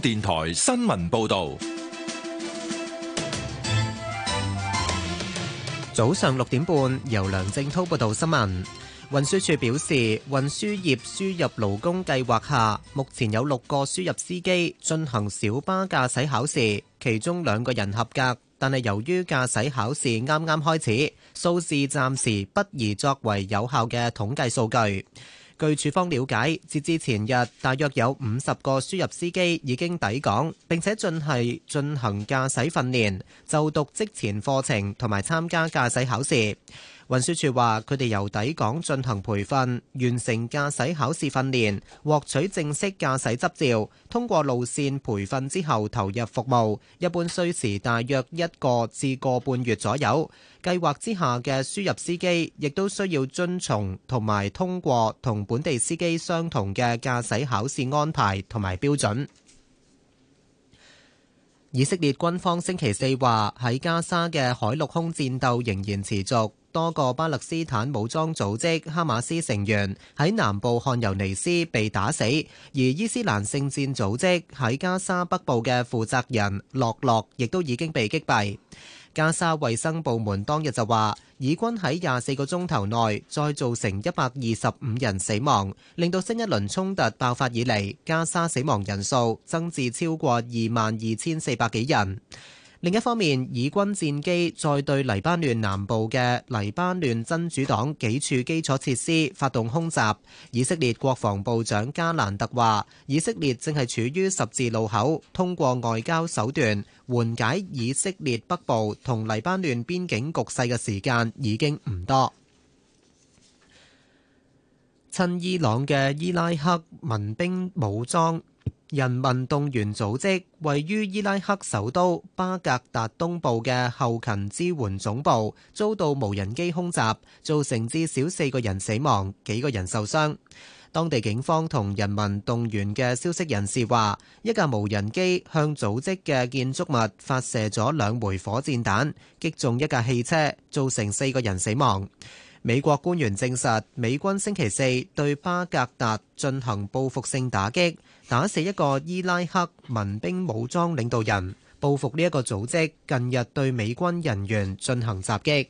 電台新聞報道：早上六點半，由梁正滔報道新聞。運輸署表示，運輸業輸入勞工計劃下，目前有六個輸入司機進行小巴駕駛考試，其中兩個人合格，但係由於駕駛考試啱啱開始，數字暫時不宜作為有效嘅統計數據。據處方了解，截至前日，大約有五十個輸入司機已經抵港，並且進係進行駕駛訓練、就讀職前課程同埋參加駕駛考試。運輸處話：佢哋由抵港進行培訓，完成駕駛考試訓練，獲取正式駕駛執照，通過路線培訓之後投入服務，一般需時大約一個至一個半月左右。計劃之下嘅輸入司機亦都需要遵從同埋通過同本地司機相同嘅駕駛考試安排同埋標準。以色列軍方星期四話，喺加沙嘅海陸空戰鬥仍然持續，多個巴勒斯坦武裝組織哈馬斯成員喺南部漢尤尼斯被打死，而伊斯蘭聖戰組織喺加沙北部嘅負責人洛洛亦都已經被擊斃。加沙衛生部門當日就話，以軍喺廿四個鐘頭內再造成一百二十五人死亡，令到新一輪衝突爆發以嚟，加沙死亡人數增至超過二萬二千四百幾人。另一方面，以軍戰機再對黎巴嫩南部嘅黎巴嫩真主黨幾處基礎設施發動空襲。以色列國防部長加蘭特話：以色列正係處於十字路口，通過外交手段緩解以色列北部同黎巴嫩邊境局勢嘅時間已經唔多。趁伊朗嘅伊拉克民兵武裝。人民動員組織位於伊拉克首都巴格達東部嘅後勤支援總部遭到無人機空襲，造成至少四個人死亡，幾個人受傷。當地警方同人民動員嘅消息人士話，一架無人機向組織嘅建築物發射咗兩枚火箭彈，擊中一架汽車，造成四個人死亡。美國官員證實，美軍星期四對巴格達進行報復性打擊。打死一個伊拉克民兵武裝領導人，報復呢一個組織近日對美軍人員進行襲擊。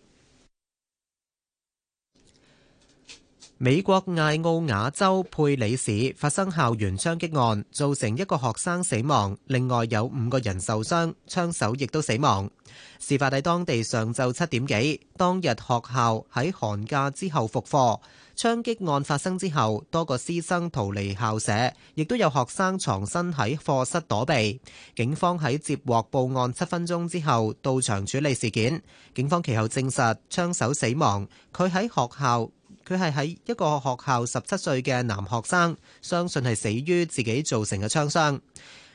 美國艾奧瓦州佩里市發生校園槍擊案，造成一個學生死亡，另外有五個人受傷，槍手亦都死亡。事發喺當地上晝七點幾。當日學校喺寒假之後復課，槍擊案發生之後，多個師生逃離校舍，亦都有學生藏身喺課室躲避。警方喺接獲報案七分鐘之後到場處理事件。警方其後證實槍手死亡，佢喺學校。佢係喺一個學校十七歲嘅男學生，相信係死於自己造成嘅槍傷。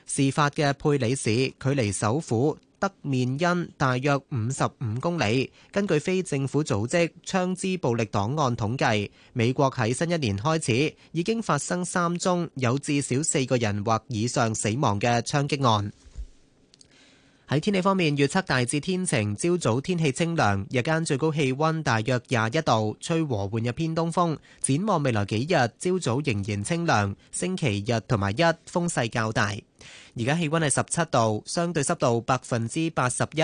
事發嘅佩里市距離首府德面恩大約五十五公里。根據非政府組織槍支暴力檔案統計，美國喺新一年開始已經發生三宗有至少四個人或以上死亡嘅槍擊案。喺天氣方面，預測大致天晴，朝早天氣清涼，日間最高氣溫大約廿一度，吹和緩嘅偏東風。展望未來幾日，朝早仍然清涼，星期日同埋一，風勢較大。而家氣溫係十七度，相對濕度百分之八十一。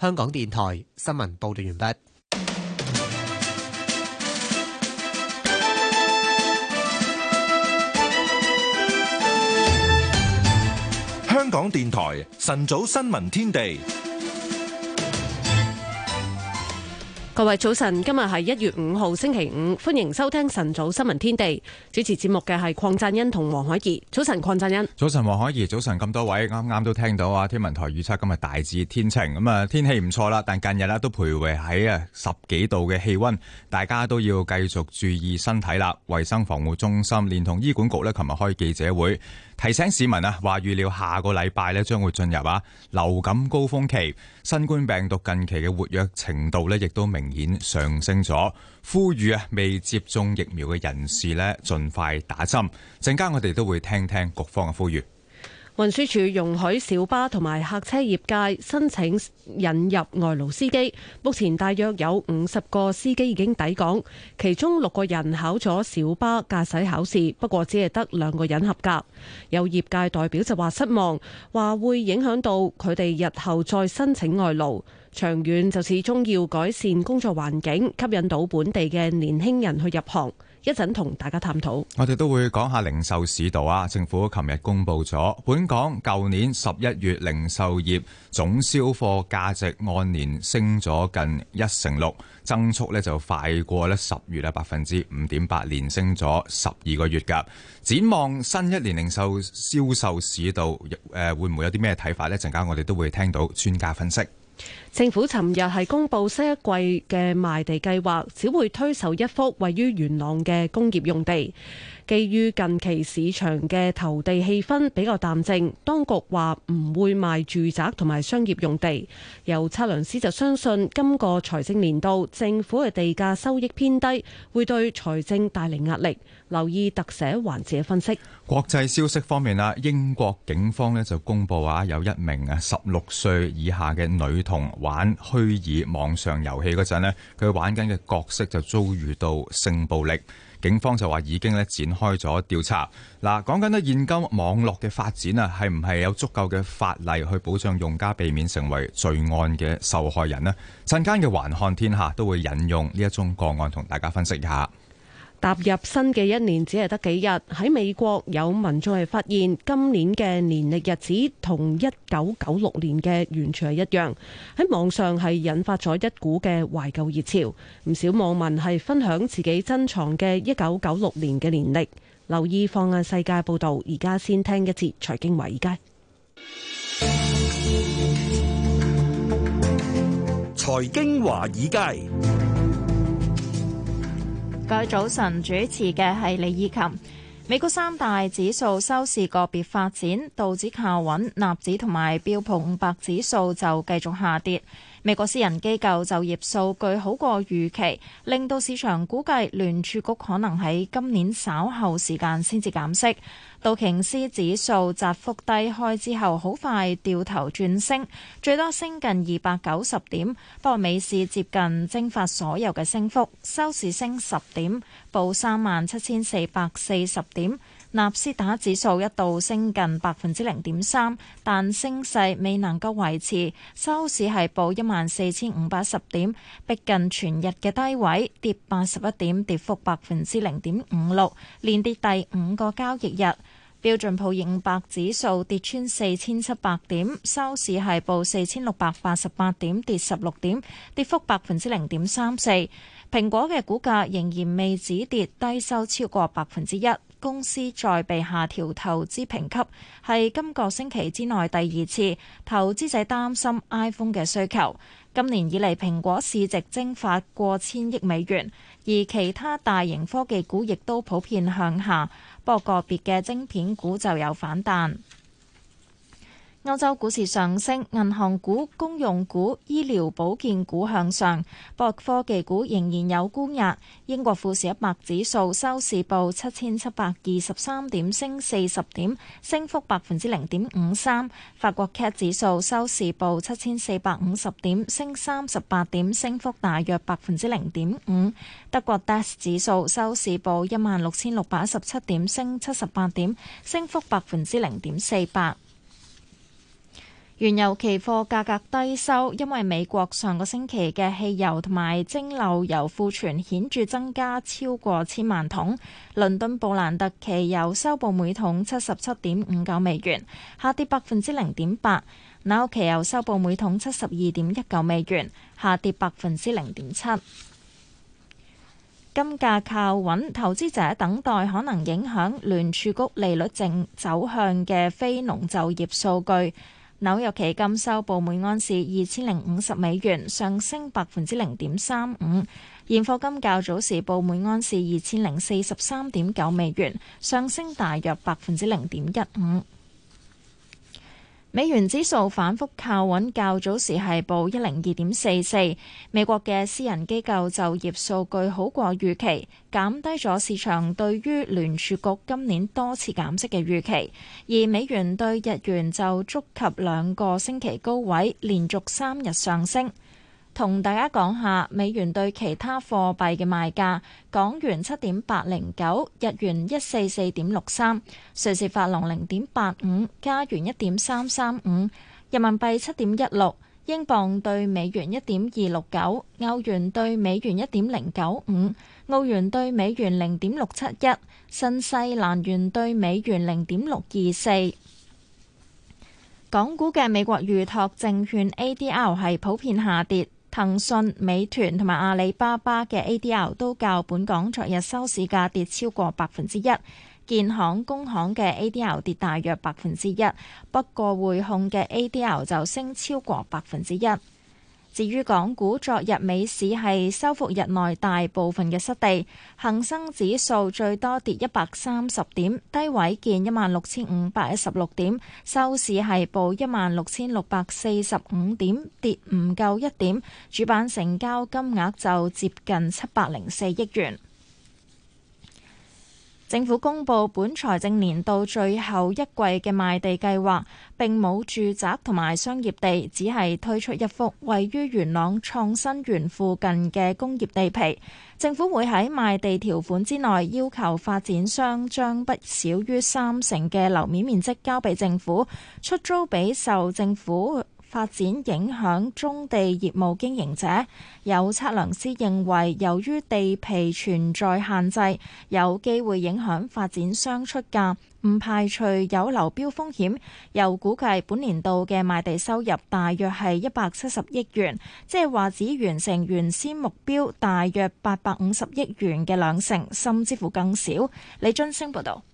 香港電台新聞報道完畢。港電台晨早新聞天地，各位早晨，今日係一月五號星期五，歡迎收聽晨早新聞天地。主持節目嘅係鄺振欣同黃海怡。早晨，鄺振欣。早晨，黃海怡。早晨，咁多位，啱啱都聽到啊！天文台預測今日大致天晴，咁啊天氣唔錯啦，但近日呢都徘徊喺啊十幾度嘅氣温，大家都要繼續注意身體啦。衛生防護中心連同醫管局呢，琴日開記者會。提醒市民啊，話預料下個禮拜咧將會進入啊流感高峰期，新冠病毒近期嘅活躍程度咧亦都明顯上升咗，呼籲啊未接種疫苗嘅人士咧盡快打針。陣間我哋都會聽聽局方嘅呼籲。運輸署容許小巴同埋客車業界申請引入外勞司機，目前大約有五十個司機已經抵港，其中六個人考咗小巴駕駛考試，不過只係得兩個人合格。有業界代表就話失望，話會影響到佢哋日後再申請外勞，長遠就始終要改善工作環境，吸引到本地嘅年輕人去入行。一陣同大家探討，我哋都會講下零售市道啊。政府琴日公布咗，本港舊年十一月零售業總銷貨價值按年升咗近一成六，增速呢就快過呢十月啊，百分之五點八，連升咗十二個月噶。展望新一年零售銷售市道，誒、呃，會唔會有啲咩睇法呢？陣間我哋都會聽到專家分析。政府尋日係公布新一季嘅賣地計劃，只會推售一幅位於元朗嘅工業用地。基於近期市場嘅投地氣氛比較淡靜，當局話唔會賣住宅同埋商業用地。有測量師就相信今個財政年度政府嘅地價收益偏低，會對財政帶嚟壓力。留意特寫環節嘅分析。國際消息方面啊，英國警方咧就公佈話有一名啊十六歲以下嘅女童玩虛擬網上遊戲嗰陣咧，佢玩緊嘅角色就遭遇到性暴力。警方就話已經咧展開咗調查。嗱，講緊咧現今網絡嘅發展啊，係唔係有足夠嘅法例去保障用家避免成為罪案嘅受害人咧？陣間嘅環看天下都會引用呢一宗個案同大家分析一下。踏入新嘅一年只係得幾日，喺美國有民眾係發現今年嘅年曆日子同一九九六年嘅完全係一樣，喺網上係引發咗一股嘅懷舊熱潮。唔少網民係分享自己珍藏嘅一九九六年嘅年曆，留意放眼世界報道。而家先聽一節財經華爾街，財經華爾街。各位早晨，主持嘅係李依琴。美國三大指數收市個別發展，道指靠穩，納指同埋標普五百指數就繼續下跌。美國私人機構就業數據好過預期，令到市場估計聯儲局可能喺今年稍後時間先至減息。道瓊斯指數窄幅低開之後，好快掉頭轉升，最多升近二百九十點。不過，美市接近蒸發所有嘅升幅，收市升十點，報三萬七千四百四十點。納斯達指數一度升近百分之零點三，但升勢未能夠維持，收市係報一萬四千五百十點，逼近全日嘅低位，跌八十一點，跌幅百分之零點五六，連跌第五個交易日。標準普爾五百指數跌穿四千七百點，收市係報四千六百八十八點，跌十六點，跌幅百分之零點三四。蘋果嘅股價仍然未止跌，低收超過百分之一。公司再被下調投資評級，係今個星期之內第二次。投資者擔心 iPhone 嘅需求。今年以嚟，蘋果市值蒸發過千億美元，而其他大型科技股亦都普遍向下。不過，個別嘅晶片股就有反彈。歐洲股市上升，銀行股、公用股、醫療保健股向上，博科技股仍然有沽壓。英國富時一百指數收市報七千七百二十三點，升四十點，升幅百分之零點五三。法國 CAC 指數收市報七千四百五十點，升三十八點，升幅大約百分之零點五。德國 DAX 指數收市報一萬六千六百一十七點，升七十八點，升幅百分之零點四八。原油期貨價格低收，因為美國上個星期嘅汽油同埋蒸餾油庫存顯著增加，超過千萬桶。倫敦布蘭特期油收報每桶七十七點五九美元，下跌百分之零點八。紐約期油收報每桶七十二點一九美元，下跌百分之零點七。金價靠穩，投資者等待可能影響聯儲局利率正走向嘅非農就業數據。紐約期金收報每盎司二千零五十美元，上升百分之零點三五；現貨金較早時報每盎司二千零四十三點九美元，上升大約百分之零點一五。美元指數反覆靠穩，較早時係報一零二點四四。美國嘅私人機構就業數據好過預期，減低咗市場對於聯儲局今年多次減息嘅預期，而美元對日元就觸及兩個星期高位，連續三日上升。同大家講下美元對其他貨幣嘅賣價：港元七點八零九，日元一四四點六三，瑞士法郎零點八五，加元一點三三五，人民幣七點一六，英鎊對美元一點二六九，歐元對美元一點零九五，澳元對美元零點六七一，新西蘭元對美元零點六二四。港股嘅美國預託證券 ADR 係普遍下跌。騰訊、美團同埋阿里巴巴嘅 ADL 都較本港昨日收市價跌超過百分之一，建行、工行嘅 ADL 跌大約百分之一，不過匯控嘅 ADL 就升超過百分之一。至於港股，昨日尾市係收復日內大部分嘅失地，恒生指數最多跌一百三十點，低位見一萬六千五百一十六點，收市係報一萬六千六百四十五點，跌唔夠一點，主板成交金額就接近七百零四億元。政府公布本財政年度最後一季嘅賣地計劃，並冇住宅同埋商業地，只係推出一幅位於元朗創新園附近嘅工業地皮。政府會喺賣地條款之內要求發展商將不少於三成嘅樓面面積交俾政府出租俾受政府發展影響中地業務經營者，有測量師認為，由於地皮存在限制，有機會影響發展商出價，唔排除有流標風險。又估計本年度嘅賣地收入大約係一百七十億元，即係話只完成原先目標大約八百五十億元嘅兩成，甚至乎更少。李津升報道。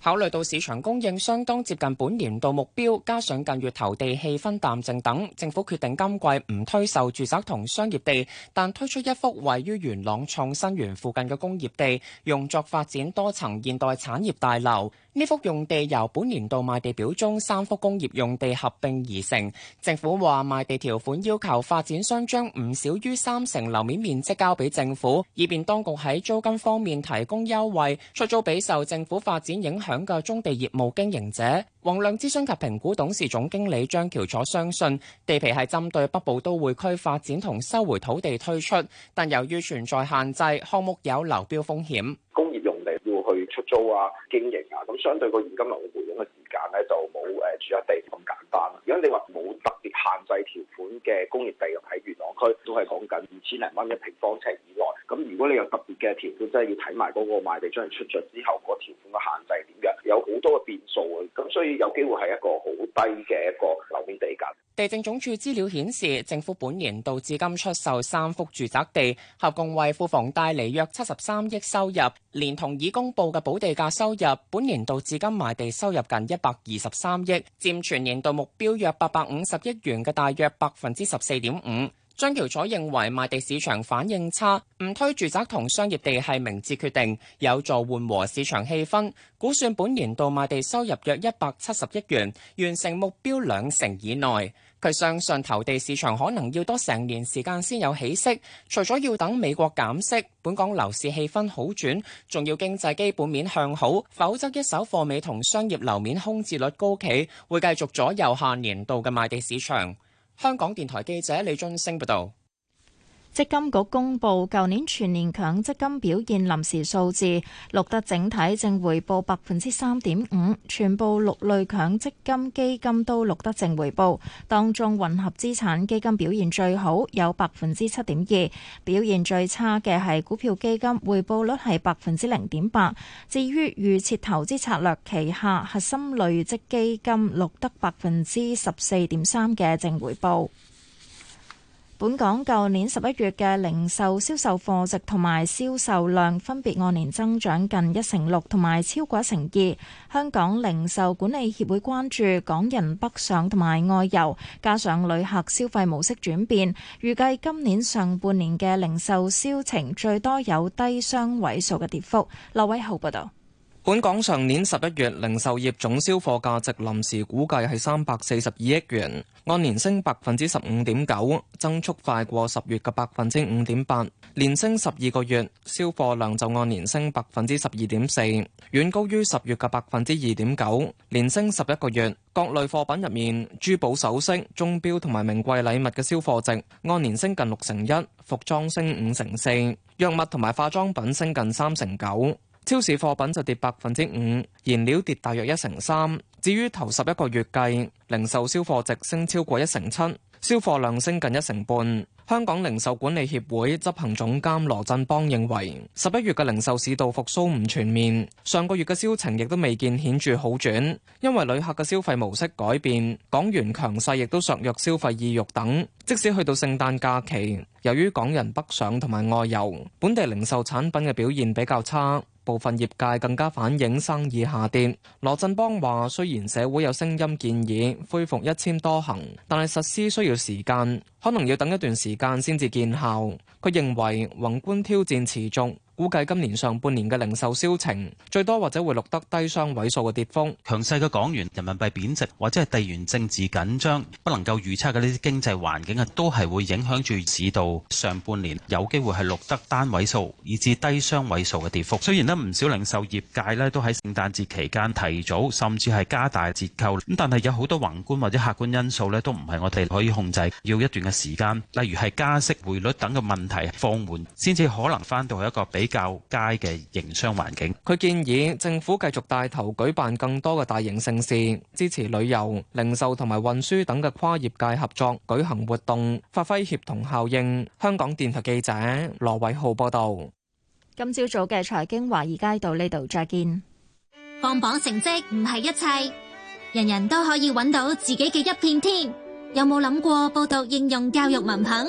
考慮到市場供應相當接近本年度目標，加上近月投地氣氛淡靜等，政府決定今季唔推售住宅同商業地，但推出一幅位於元朗創新園附近嘅工業地，用作發展多層現代產業大樓。呢幅用地由本年度賣地表中三幅工業用地合併而成。政府話賣地條款要求發展商將唔少於三成樓面面積交俾政府，以便當局喺租金方面提供優惠出租俾受政府發展影響嘅中地業務經營者。宏亮諮詢及評估董、董事總經理張喬楚相信地皮係針對北部都會區發展同收回土地推出，但由於存在限制，項目有流標風險。租啊，經營啊，咁相對個現金流回應嘅時間咧，就冇誒、呃、住一地咁簡單。但如果你話冇特別限制條款嘅工業地入喺元朗區，都係講緊二千零蚊一平方尺以內。咁如果你有特別嘅條款，真係要睇埋嗰個賣地將嚟出咗之後，嗰條款嘅限制點樣，有好多嘅變數啊！咁所以有機會係一個好低嘅一個樓面地價。地政總署資料顯示，政府本年度至今出售三幅住宅地，合共為庫房帶嚟約七十三億收入，連同已公佈嘅補地價收入，本年度至今賣地收入近一百二十三億，佔全年度目標約八百五十億元嘅大約百分之十四點五，張橋楚認為賣地市場反應差，唔推住宅同商業地係明智決定，有助緩和市場氣氛。估算本年度賣地收入約一百七十億元，完成目標兩成以內。佢相信投地市場可能要多成年時間先有起色，除咗要等美國減息，本港樓市氣氛好轉，仲要經濟基本面向好，否則一手貨尾同商業樓面空置率高企，會繼續左右下年度嘅賣地市場。香港電台記者李俊升報道。積金局公布舊年全年強積金表現臨時數字，錄得整體正回報百分之三點五，全部六類強積金基金都錄得正回報。當中混合資產基金表現最好，有百分之七點二；表現最差嘅係股票基金，回報率係百分之零點八。至於預設投資策略旗下核心累積基金錄得百分之十四點三嘅正回報。本港舊年十一月嘅零售銷售貨值同埋銷售量分別按年增長近一成六同埋超過一成二。香港零售管理協會關注港人北上同埋外遊，加上旅客消費模式轉變，預計今年上半年嘅零售銷情最多有低雙位數嘅跌幅。劉偉豪報導。本港上年十一月零售業總銷貨價值臨時估計係三百四十二億元，按年升百分之十五點九，增速快過十月嘅百分之五點八，連升十二個月。銷貨量就按年升百分之十二點四，遠高於十月嘅百分之二點九，連升十一個月。各類貨品入面，珠寶首飾、鐘表同埋名貴禮物嘅銷貨值按年升近六成一，服裝升五成四，藥物同埋化妝品升近三成九。超市貨品就跌百分之五，燃料跌大約一成三。至於頭十一個月計，零售銷貨值升超過一成七，銷貨量升近一成半。香港零售管理協會執行總監羅振邦認為，十一月嘅零售市道复蘇唔全面，上個月嘅銷情亦都未見顯著好轉，因為旅客嘅消費模式改變，港元強勢亦都削弱消費意欲等。即使去到聖誕假期，由於港人北上同埋外遊，本地零售產品嘅表現比較差。部分業界更加反映生意下跌。羅振邦話：雖然社會有聲音建議恢復一簽多行，但係實施需要時間，可能要等一段時間先至見效。佢認為宏觀挑戰持續。估計今年上半年嘅零售銷情最多或者會錄得低雙位數嘅跌幅。強勢嘅港元、人民幣貶值或者係地緣政治緊張，不能夠預測嘅呢啲經濟環境啊，都係會影響住市道，上半年有機會係錄得單位數以至低雙位數嘅跌幅。雖然呢唔少零售業界咧都喺聖誕節期間提早甚至係加大折扣，咁但係有好多宏觀或者客觀因素咧都唔係我哋可以控制。要一段嘅時間，例如係加息、匯率等嘅問題放緩，先至可能翻到去一個比。較佳嘅營商環境，佢建議政府繼續帶頭舉辦更多嘅大型盛事，支持旅遊、零售同埋運輸等嘅跨業界合作，舉行活動，發揮協同效應。香港電台記者羅偉浩報道。今朝早嘅財經華爾街，到呢度再見。放榜成績唔係一切，人人都可以揾到自己嘅一片天。有冇諗過報讀應用教育文憑？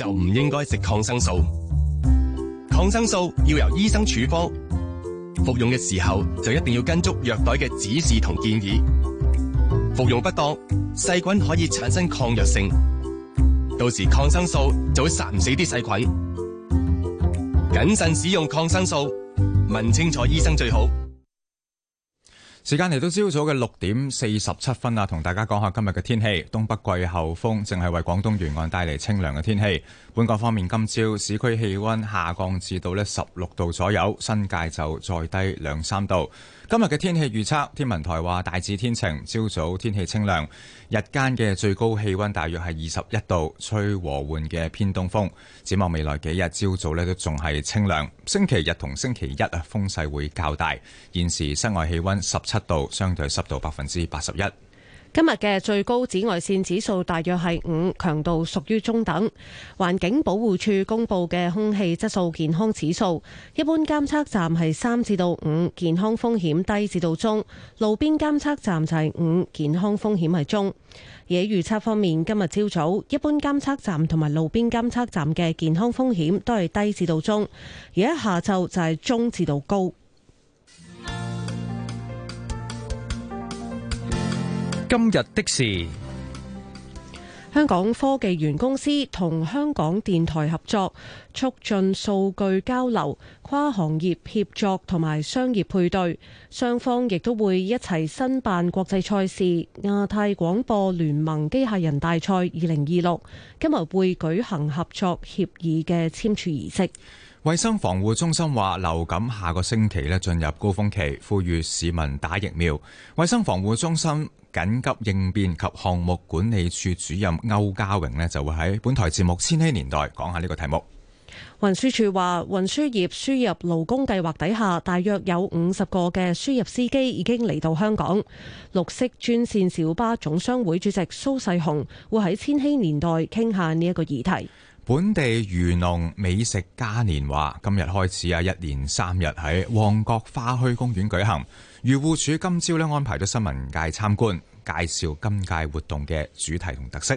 就唔應該食抗生素，抗生素要由醫生處方，服用嘅時候就一定要跟足藥袋嘅指示同建議，服用不當，細菌可以產生抗藥性，到時抗生素就會殺唔死啲細菌，謹慎使用抗生素，問清楚醫生最好。時間嚟到朝早嘅六點四十七分啊，同大家講下今日嘅天氣。東北季候風淨係為廣東沿岸帶嚟清涼嘅天氣。本港方面，今朝市區氣溫下降至到呢十六度左右，新界就再低兩三度。今日嘅天氣預測，天文台話大致天晴，朝早天氣清涼，日間嘅最高氣溫大約係二十一度，吹和緩嘅偏東風。展望未來幾日，朝早呢都仲係清涼。星期日同星期一啊，風勢會較大。現時室外氣溫十七度，相對濕度百分之八十一。今日嘅最高紫外線指數大約係五，強度屬於中等。環境保護署公布嘅空氣質素健康指數，一般監測站係三至到五，健康風險低至到中；路邊監測站就係五，健康風險係中。而喺預測方面，今日朝早一般監測站同埋路邊監測站嘅健康風險都係低至到中，而喺下晝就係中至到高。今日的事，香港科技園公司同香港電台合作，促進數據交流、跨行業協作同埋商業配對。雙方亦都會一齊申辦國際賽事，亞太廣播聯盟機械人大賽二零二六。今日會舉行合作協議嘅簽署儀式。衛生防護中心話，流感下個星期咧進入高峰期，呼籲市民打疫苗。衛生防護中心。緊急應變及項目管理處主任歐家榮呢，就會喺本台節目《千禧年代》講下呢個題目。運輸署話，運輸業輸入勞工計劃底下，大約有五十個嘅輸入司機已經嚟到香港。綠色專線小巴總商會主席蘇世雄會喺《千禧年代》傾下呢一個議題。本地漁農美食嘉年華今日開始啊，一連三日喺旺角花墟公園舉行。漁護署今朝咧，安排咗新聞界參觀，介紹今屆活動嘅主題同特色。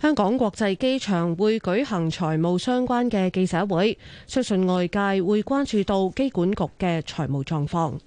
香港國際機場會舉行財務相關嘅記者會，相信外界會關注到機管局嘅財務狀況。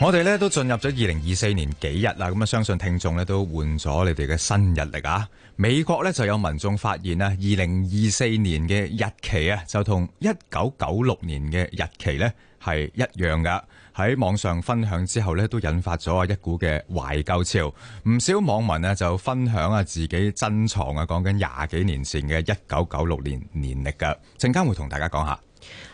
我哋咧都進入咗二零二四年幾日啦，咁啊相信聽眾咧都換咗你哋嘅新日曆啊。美國咧就有民眾發現咧，二零二四年嘅日期啊，就同一九九六年嘅日期呢係一樣噶。喺網上分享之後呢，都引發咗一股嘅懷舊潮，唔少網民咧就分享啊自己珍藏啊，講緊廿幾年前嘅一九九六年年曆噶，陣間會同大家講下。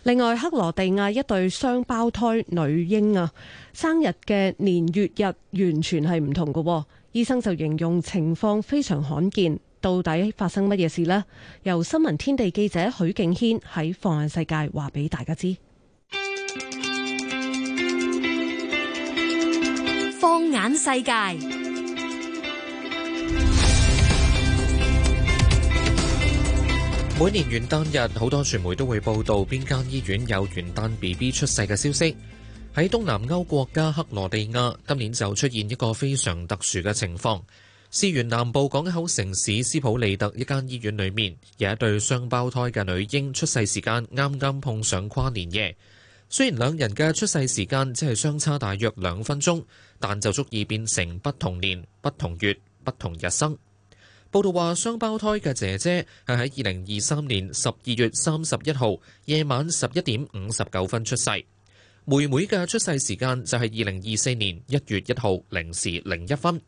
另外，克羅地亞一對雙胞胎女嬰啊，生日嘅年月日完全係唔同嘅，醫生就形容情況非常罕見，到底發生乜嘢事呢？由新聞天地記者許敬軒喺放眼世界話俾大家知，放眼世界。每年元旦日，好多傳媒都會報道邊間醫院有元旦 B B 出世嘅消息。喺東南歐國家克羅地亞，今年就出現一個非常特殊嘅情況。斯原南部港口城市斯普利特一間醫院裏面，有一對雙胞胎嘅女嬰出世時間啱啱碰上跨年夜。雖然兩人嘅出世時間只係相差大約兩分鐘，但就足以變成不同年、不同月、不同日生。報道話，雙胞胎嘅姐姐係喺二零二三年十二月三十一號夜晚十一點五十九分出世，妹妹嘅出世時間就係二零二四年一月一號零時零一分。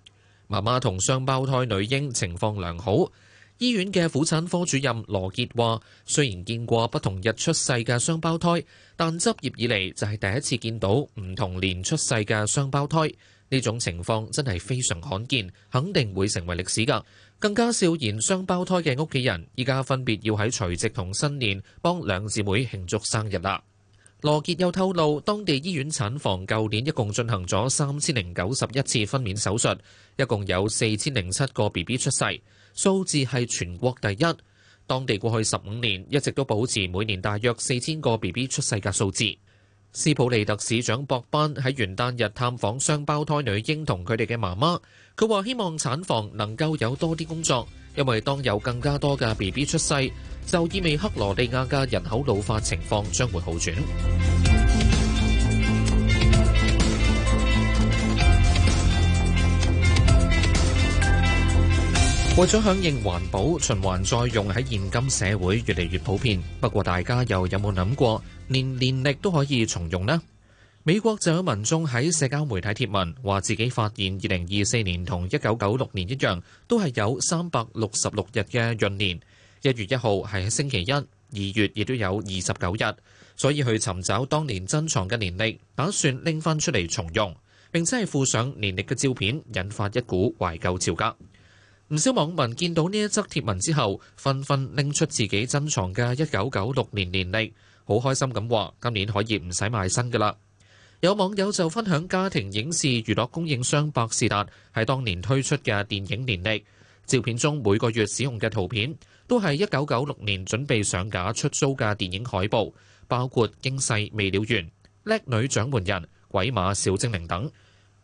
媽媽同雙胞胎女嬰情況良好。醫院嘅婦產科主任羅杰話，雖然見過不同日出世嘅雙胞胎，但執業以嚟就係第一次見到唔同年出世嘅雙胞胎。呢種情況，真係非常罕見，肯定會成為歷史㗎。更加笑言雙胞胎嘅屋企人依家，分別要喺除夕同新年幫兩姊妹慶祝生日啦。羅傑又透露，當地醫院產房舊年一共進行咗三千零九十一次分娩手術，一共有四千零七個 B B 出世，數字係全國第一。當地過去十五年一直都保持每年大約四千個 B B 出世嘅數字。斯普利特市長博班喺元旦日探訪雙胞胎女嬰同佢哋嘅媽媽。佢話希望產房能夠有多啲工作，因為當有更加多嘅 BB 出世，就意味克羅地亞嘅人口老化情況將會好轉。為咗響應環保，循環再用喺現今社會越嚟越普遍。不過大家又有冇諗過，連年歷都可以重用呢？美國就有民眾喺社交媒體貼文，話自己發現二零二四年同一九九六年一樣，都係有三百六十六日嘅閏年。一月一號係喺星期一，二月亦都有二十九日，所以去尋找當年珍藏嘅年曆，打算拎翻出嚟重用。並且係附上年曆嘅照片，引發一股懷舊潮。噶唔少網民見到呢一則貼文之後，紛紛拎出自己珍藏嘅一九九六年年曆，好開心咁話：今年可以唔使買新噶啦！有網友就分享家庭影視娛樂供應商百事達喺當年推出嘅電影年曆，照片中每個月使用嘅圖片都係一九九六年準備上架出租嘅電影海報，包括《驚世未了緣》、《叻女掌門人》、《鬼馬小精靈》等。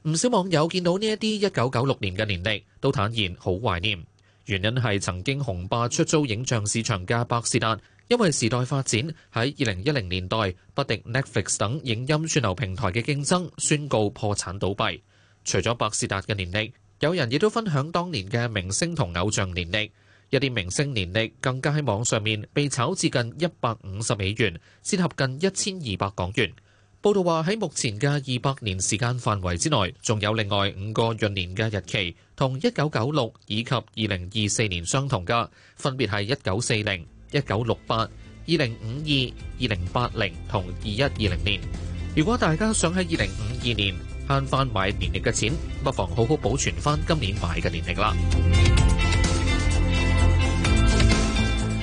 唔少網友見到呢一啲一九九六年嘅年曆，都坦言好懷念，原因係曾經紅霸出租影像市場嘅百事達。因為時代發展，喺二零一零年代，不敵 Netflix 等影音串流平台嘅競爭，宣告破產倒閉。除咗百事達嘅年曆，有人亦都分享當年嘅明星同偶像年曆。一啲明星年曆更加喺網上面被炒至近一百五十美元，折合近一千二百港元。報道話喺目前嘅二百年時間範圍之內，仲有另外五個閏年嘅日期，同一九九六以及二零二四年相同㗎，分別係一九四零。一九六八、二零五二、二零八零同二一二零年。如果大家想喺二零五二年慳翻買年曆嘅錢，不妨好好保存翻今年買嘅年曆啦。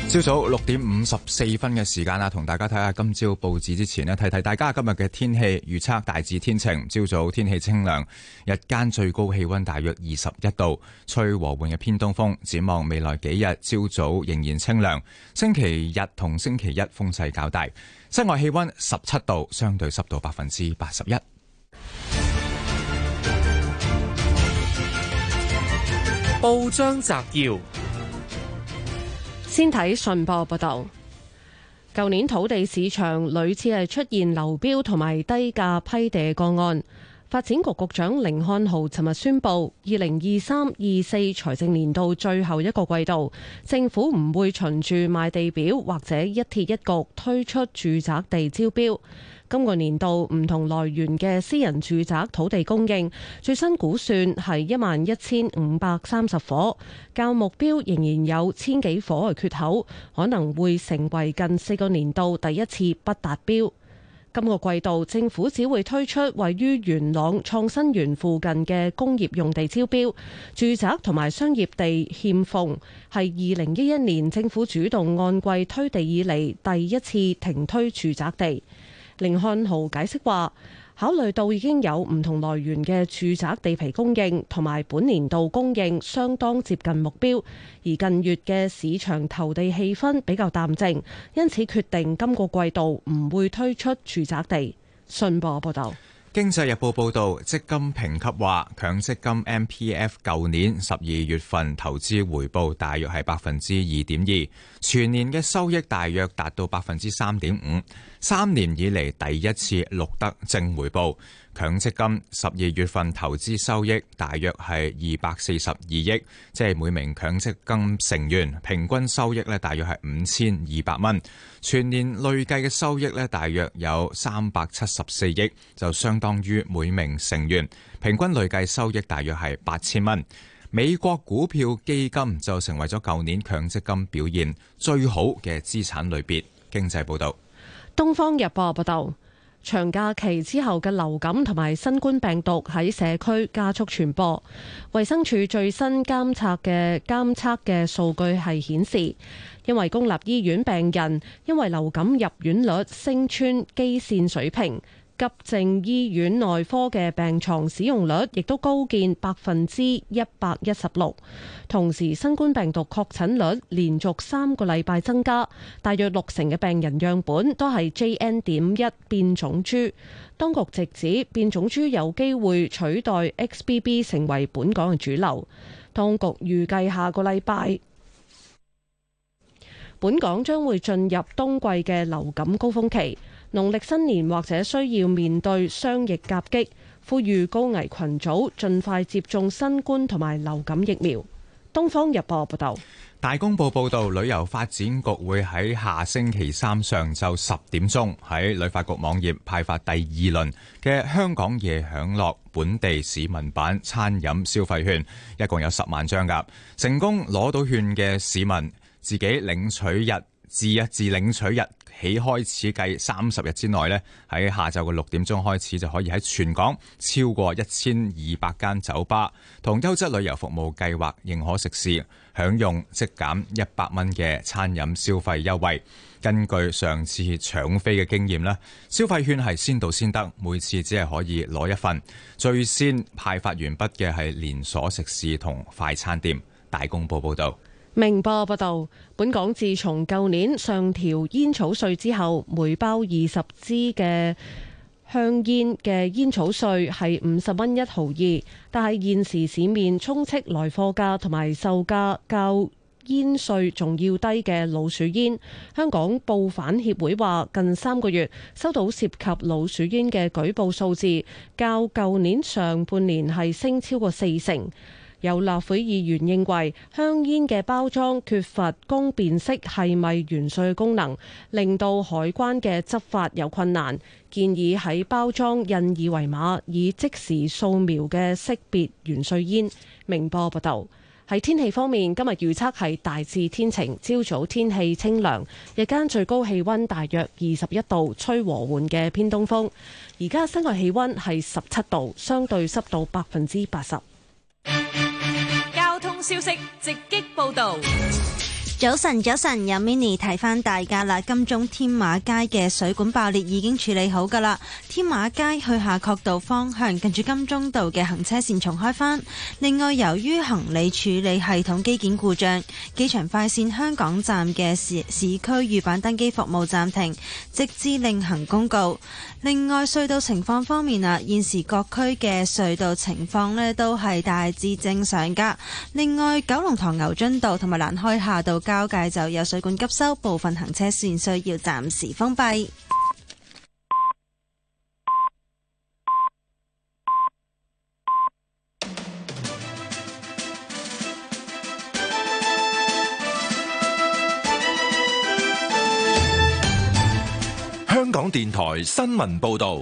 朝早六點五十四分嘅時間啊，同大家睇下今朝報紙之前咧，睇睇大家今日嘅天氣預測。大致天晴，朝早天氣清涼，日間最高氣溫大約二十一度，吹和緩嘅偏東風，展望未來幾日朝早仍然清涼，星期日同星期一風勢較大，室外氣溫十七度，相對濕度百分之八十一。報章摘要。先睇信報報道，舊年土地市場屢次係出現流標同埋低價批地個案。發展局局長甯漢豪尋日宣布，二零二三二四財政年度最後一個季度，政府唔會循住賣地表或者一鐵一局推出住宅地招標。今個年，年度唔同來源嘅私人住宅土地供應最新估算係一萬一千五百三十伙，較目標仍然有千幾伙嘅缺口，可能會成為近四個年度第一次不達標。今個季度政府只會推出位於元朗創新園附近嘅工業用地招標，住宅同埋商業地欠奉，係二零一一年政府主動按季推地以嚟第一次停推住宅地。凌漢豪解釋話，考慮到已經有唔同來源嘅住宅地皮供應，同埋本年度供應相當接近目標，而近月嘅市場投地氣氛比較淡靜，因此決定今個季度唔會推出住宅地。信報報道。經濟日報報道，積金評級話，強積金 MPF 舊年十二月份投資回報大約係百分之二點二，全年嘅收益，大約達到百分之三點五，三年以嚟，第一次錄得正回報。強積金十二月份投資收益大約係二百四十二億，即係每名強積金成員平均收益呢大約係五千二百蚊。全年累計嘅收益呢，大約有三百七十四億，就相當於每名成員平均累計收益大約係八千蚊。美國股票基金就成為咗舊年強積金表現最好嘅資產類別。經濟報導，東方日報報道，長假期之後嘅流感同埋新冠病毒喺社區加速傳播。衛生署最新監測嘅監測嘅數據係顯示。因為公立醫院病人因為流感入院率升穿基線水平，急症醫院內科嘅病床使用率亦都高見百分之一百一十六。同時，新冠病毒確診率連續三個禮拜增加，大約六成嘅病人樣本都係 JN. 點一變種株。當局直指變種株有機會取代 XBB 成為本港嘅主流。當局預計下個禮拜。本港將會進入冬季嘅流感高峰期，農曆新年或者需要面對雙疫夾擊，呼籲高危群組盡快接種新冠同埋流感疫苗。《東方日報》報道，大公報報導，旅遊發展局會喺下星期三上晝十點鐘喺旅發局網頁派發第二輪嘅香港夜享樂本地市民版餐飲消費券，一共有十萬張噶，成功攞到券嘅市民。自己領取日至一至領取日起開始計三十日之內呢，喺下晝嘅六點鐘開始，就可以喺全港超過一千二百間酒吧同優質旅遊服務計劃認可食肆享用即減一百蚊嘅餐飲消費優惠。根據上次搶飛嘅經驗呢消費券係先到先得，每次只係可以攞一份。最先派發完畢嘅係連鎖食肆同快餐店。大公報報導。明報報道，本港自從舊年上調煙草稅之後，每包二十支嘅香煙嘅煙草稅係五十蚊一毫二，但係現時市面充斥來貨價同埋售價較煙稅仲要低嘅老鼠煙。香港報販協會話，近三個月收到涉及老鼠煙嘅舉報數字，較舊年上半年係升超過四成。有立法會議員認為香煙嘅包裝缺乏公辨識係咪完稅功能，令到海關嘅執法有困難，建議喺包裝印二維碼，以即時掃描嘅識別完稅煙。明波報道。喺天氣方面，今日預測係大致天晴，朝早天氣清涼，日間最高氣溫大約二十一度，吹和緩嘅偏東風。而家室外氣溫係十七度，相對濕度百分之八十。消息直擊報導。早晨，早晨，有 mini 提翻大家啦。金鐘天馬街嘅水管爆裂已經處理好噶啦。天馬街去夏慤道方向近住金鐘道嘅行車線重開翻。另外，由於行李處理系統機件故障，機場快線香港站嘅市市區預辦登機服務暫停，直至另行公告。另外，隧道情況方面啊，現時各區嘅隧道情況咧都係大致正常噶。另外，九龍塘牛津道同埋蘭開夏道。交界，就有水管急修，部分行車線需要暫時封閉。香港電台新聞報道，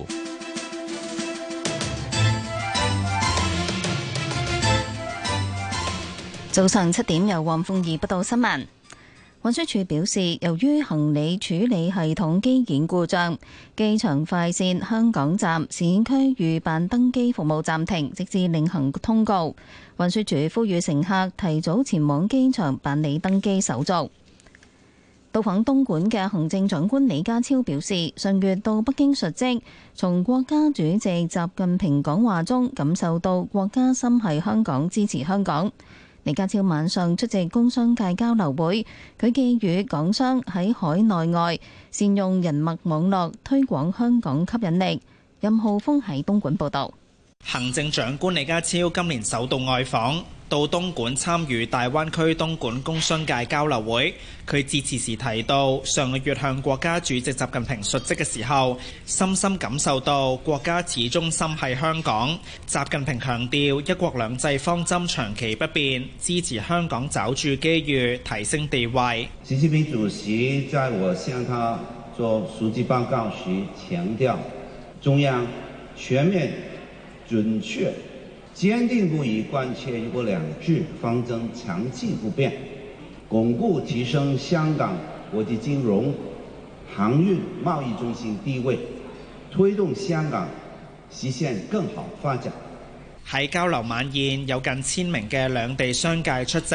早上七點由黃鳳儀報道新聞。運輸署表示，由於行李處理系統機件故障，機場快線香港站市區預辦登機服務暫停，直至另行通告。運輸署呼籲乘客提早前往機場辦理登機手續。到訪東莞嘅行政長官李家超表示，上月到北京述職，從國家主席習近平講話中感受到國家心繫香港，支持香港。李家超晚上出席工商界交流會，佢寄語港商喺海內外善用人脈網絡推廣香港吸引力。任浩峰喺東莞報道，行政長官李家超今年首度外訪。到東莞參與大灣區東莞工商界交流會，佢致辭時提到，上個月向國家主席習近平述職嘅時候，深深感受到國家始終心係香港。習近平強調一國兩制方針長期不變，支持香港抓住機遇提升地位。習近平主席在我向他做述職報告時強調，中央全面準確。堅定不移貫徹一國兩制方針，長期不變，鞏固提升香港國際金融、航運、貿易中心地位，推動香港實現更好發展。喺交流晚宴，有近千名嘅兩地商界出席。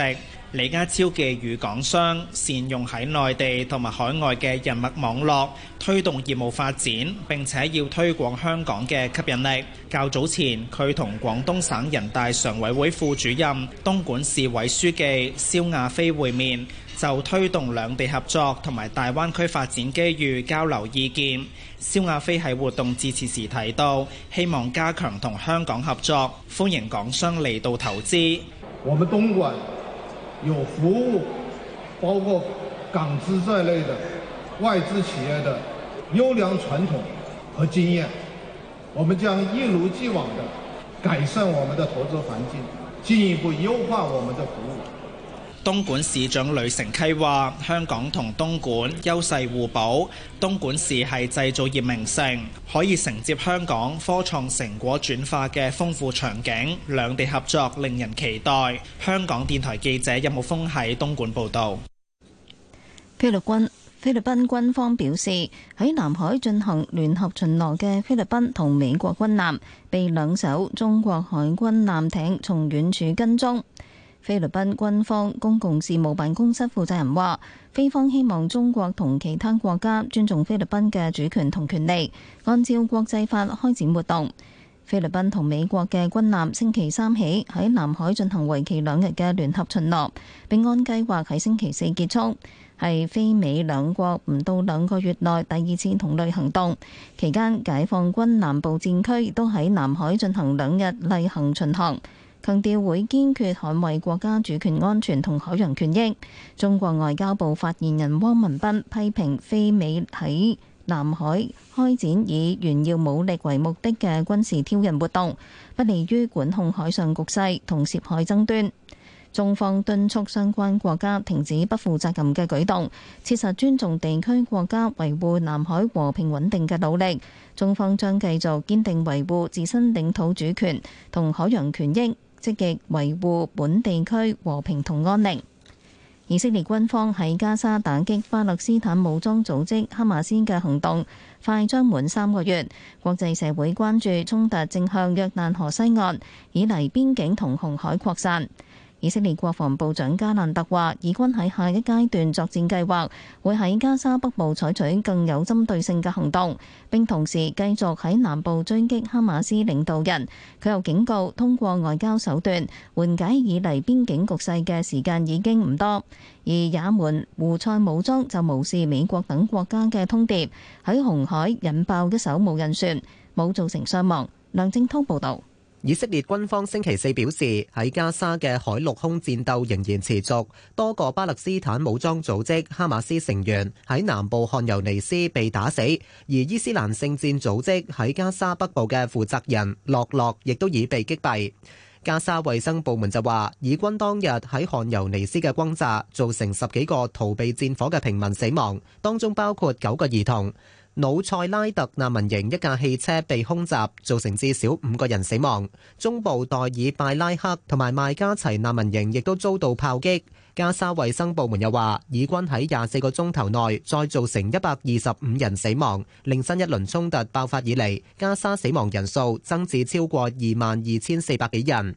李家超嘅與港商善用喺內地同埋海外嘅人脈網絡推動業務發展。並且要推廣香港嘅吸引力。較早前，佢同廣東省人大常委會副主任、東莞市委書記肖亞非會面，就推動兩地合作同埋大灣區發展機遇交流意見，肖亞非喺活動致辭時提到，希望加強同香港合作，歡迎港商嚟到投資，我們東莞。有服務，包括港資在內的外資企業的優良傳統和經驗，我們將一如既往地改善我們的投資環境，進一步優化我們的服務。東莞市長呂成蹊話：香港同東莞優勢互補，東莞市係製造業名城，可以承接香港科創成果轉化嘅豐富場景，兩地合作令人期待。香港電台記者任木峰喺東莞報導。菲律賓菲律賓軍方表示，喺南海進行聯合巡邏嘅菲律賓同美國軍艦，被兩艘中國海軍艦艇從遠處跟蹤。菲律賓軍方公共事務辦公室負責人話：菲方希望中國同其他國家尊重菲律賓嘅主權同權利，按照國際法開展活動。菲律賓同美國嘅軍艦星期三起喺南海進行為期兩日嘅聯合巡邏，並按計劃喺星期四結束，係菲美兩國唔到兩個月內第二次同類行動。期間，解放軍南部戰區亦都喺南海進行兩日例行巡航。強調會堅決捍衛國家主權安全同海洋權益。中國外交部發言人汪文斌批評菲美喺南海開展以炫耀武力為目的嘅軍事挑釁活動，不利於管控海上局勢同涉海爭端。中方敦促相關國家停止不負責任嘅舉動，切實尊重地區國家維護南海和平穩定嘅努力。中方將繼續堅定維護自身領土主權同海洋權益。積極維護本地區和平同安寧。以色列軍方喺加沙打擊巴勒斯坦武裝組織哈馬斯嘅行動快將滿三個月，國際社會關注衝突正向約旦河西岸以嚟邊境同紅海擴散。以色列國防部長加蘭特話，以軍喺下一階段作戰計劃會喺加沙北部採取更有針對性嘅行動，並同時繼續喺南部追擊哈馬斯領導人。佢又警告，通過外交手段緩解以黎邊境局勢嘅時間已經唔多。而也門胡塞武裝就無視美國等國家嘅通牒，喺紅海引爆一艘無人船，冇造成傷亡。梁正濤報道。以色列軍方星期四表示，喺加沙嘅海陸空戰鬥仍然持續，多個巴勒斯坦武裝組織哈馬斯成員喺南部汗尤尼斯被打死，而伊斯蘭聖戰組織喺加沙北部嘅負責人洛洛亦都已被擊斃。加沙衛生部門就話，以軍當日喺汗尤尼斯嘅轟炸造成十幾個逃避戰火嘅平民死亡，當中包括九個兒童。努塞拉特難民營一架汽車被空襲，造成至少五個人死亡。中部代爾拜拉克同埋麥加齊難民營亦都遭到炮擊。加沙衛生部門又話，以軍喺廿四個鐘頭內再造成一百二十五人死亡，令新一輪衝突爆發以嚟，加沙死亡人數增至超過二萬二千四百幾人。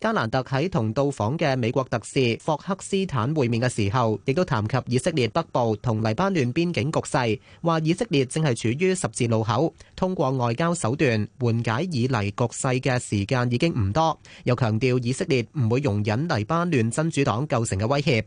加蘭特喺同到訪嘅美國特使霍克斯坦會面嘅時候，亦都談及以色列北部同黎巴嫩邊境局勢，話以色列正係處於十字路口，通過外交手段緩解以黎局勢嘅時間已經唔多，又強調以色列唔會容忍黎巴嫩真主黨構成嘅威脅。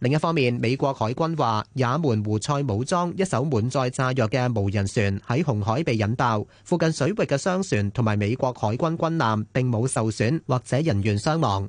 另一方面，美國海軍話，也門胡塞武裝一艘滿載炸藥嘅無人船喺紅海被引爆，附近水域嘅商船同埋美國海軍軍艦並冇受損或者人員傷亡。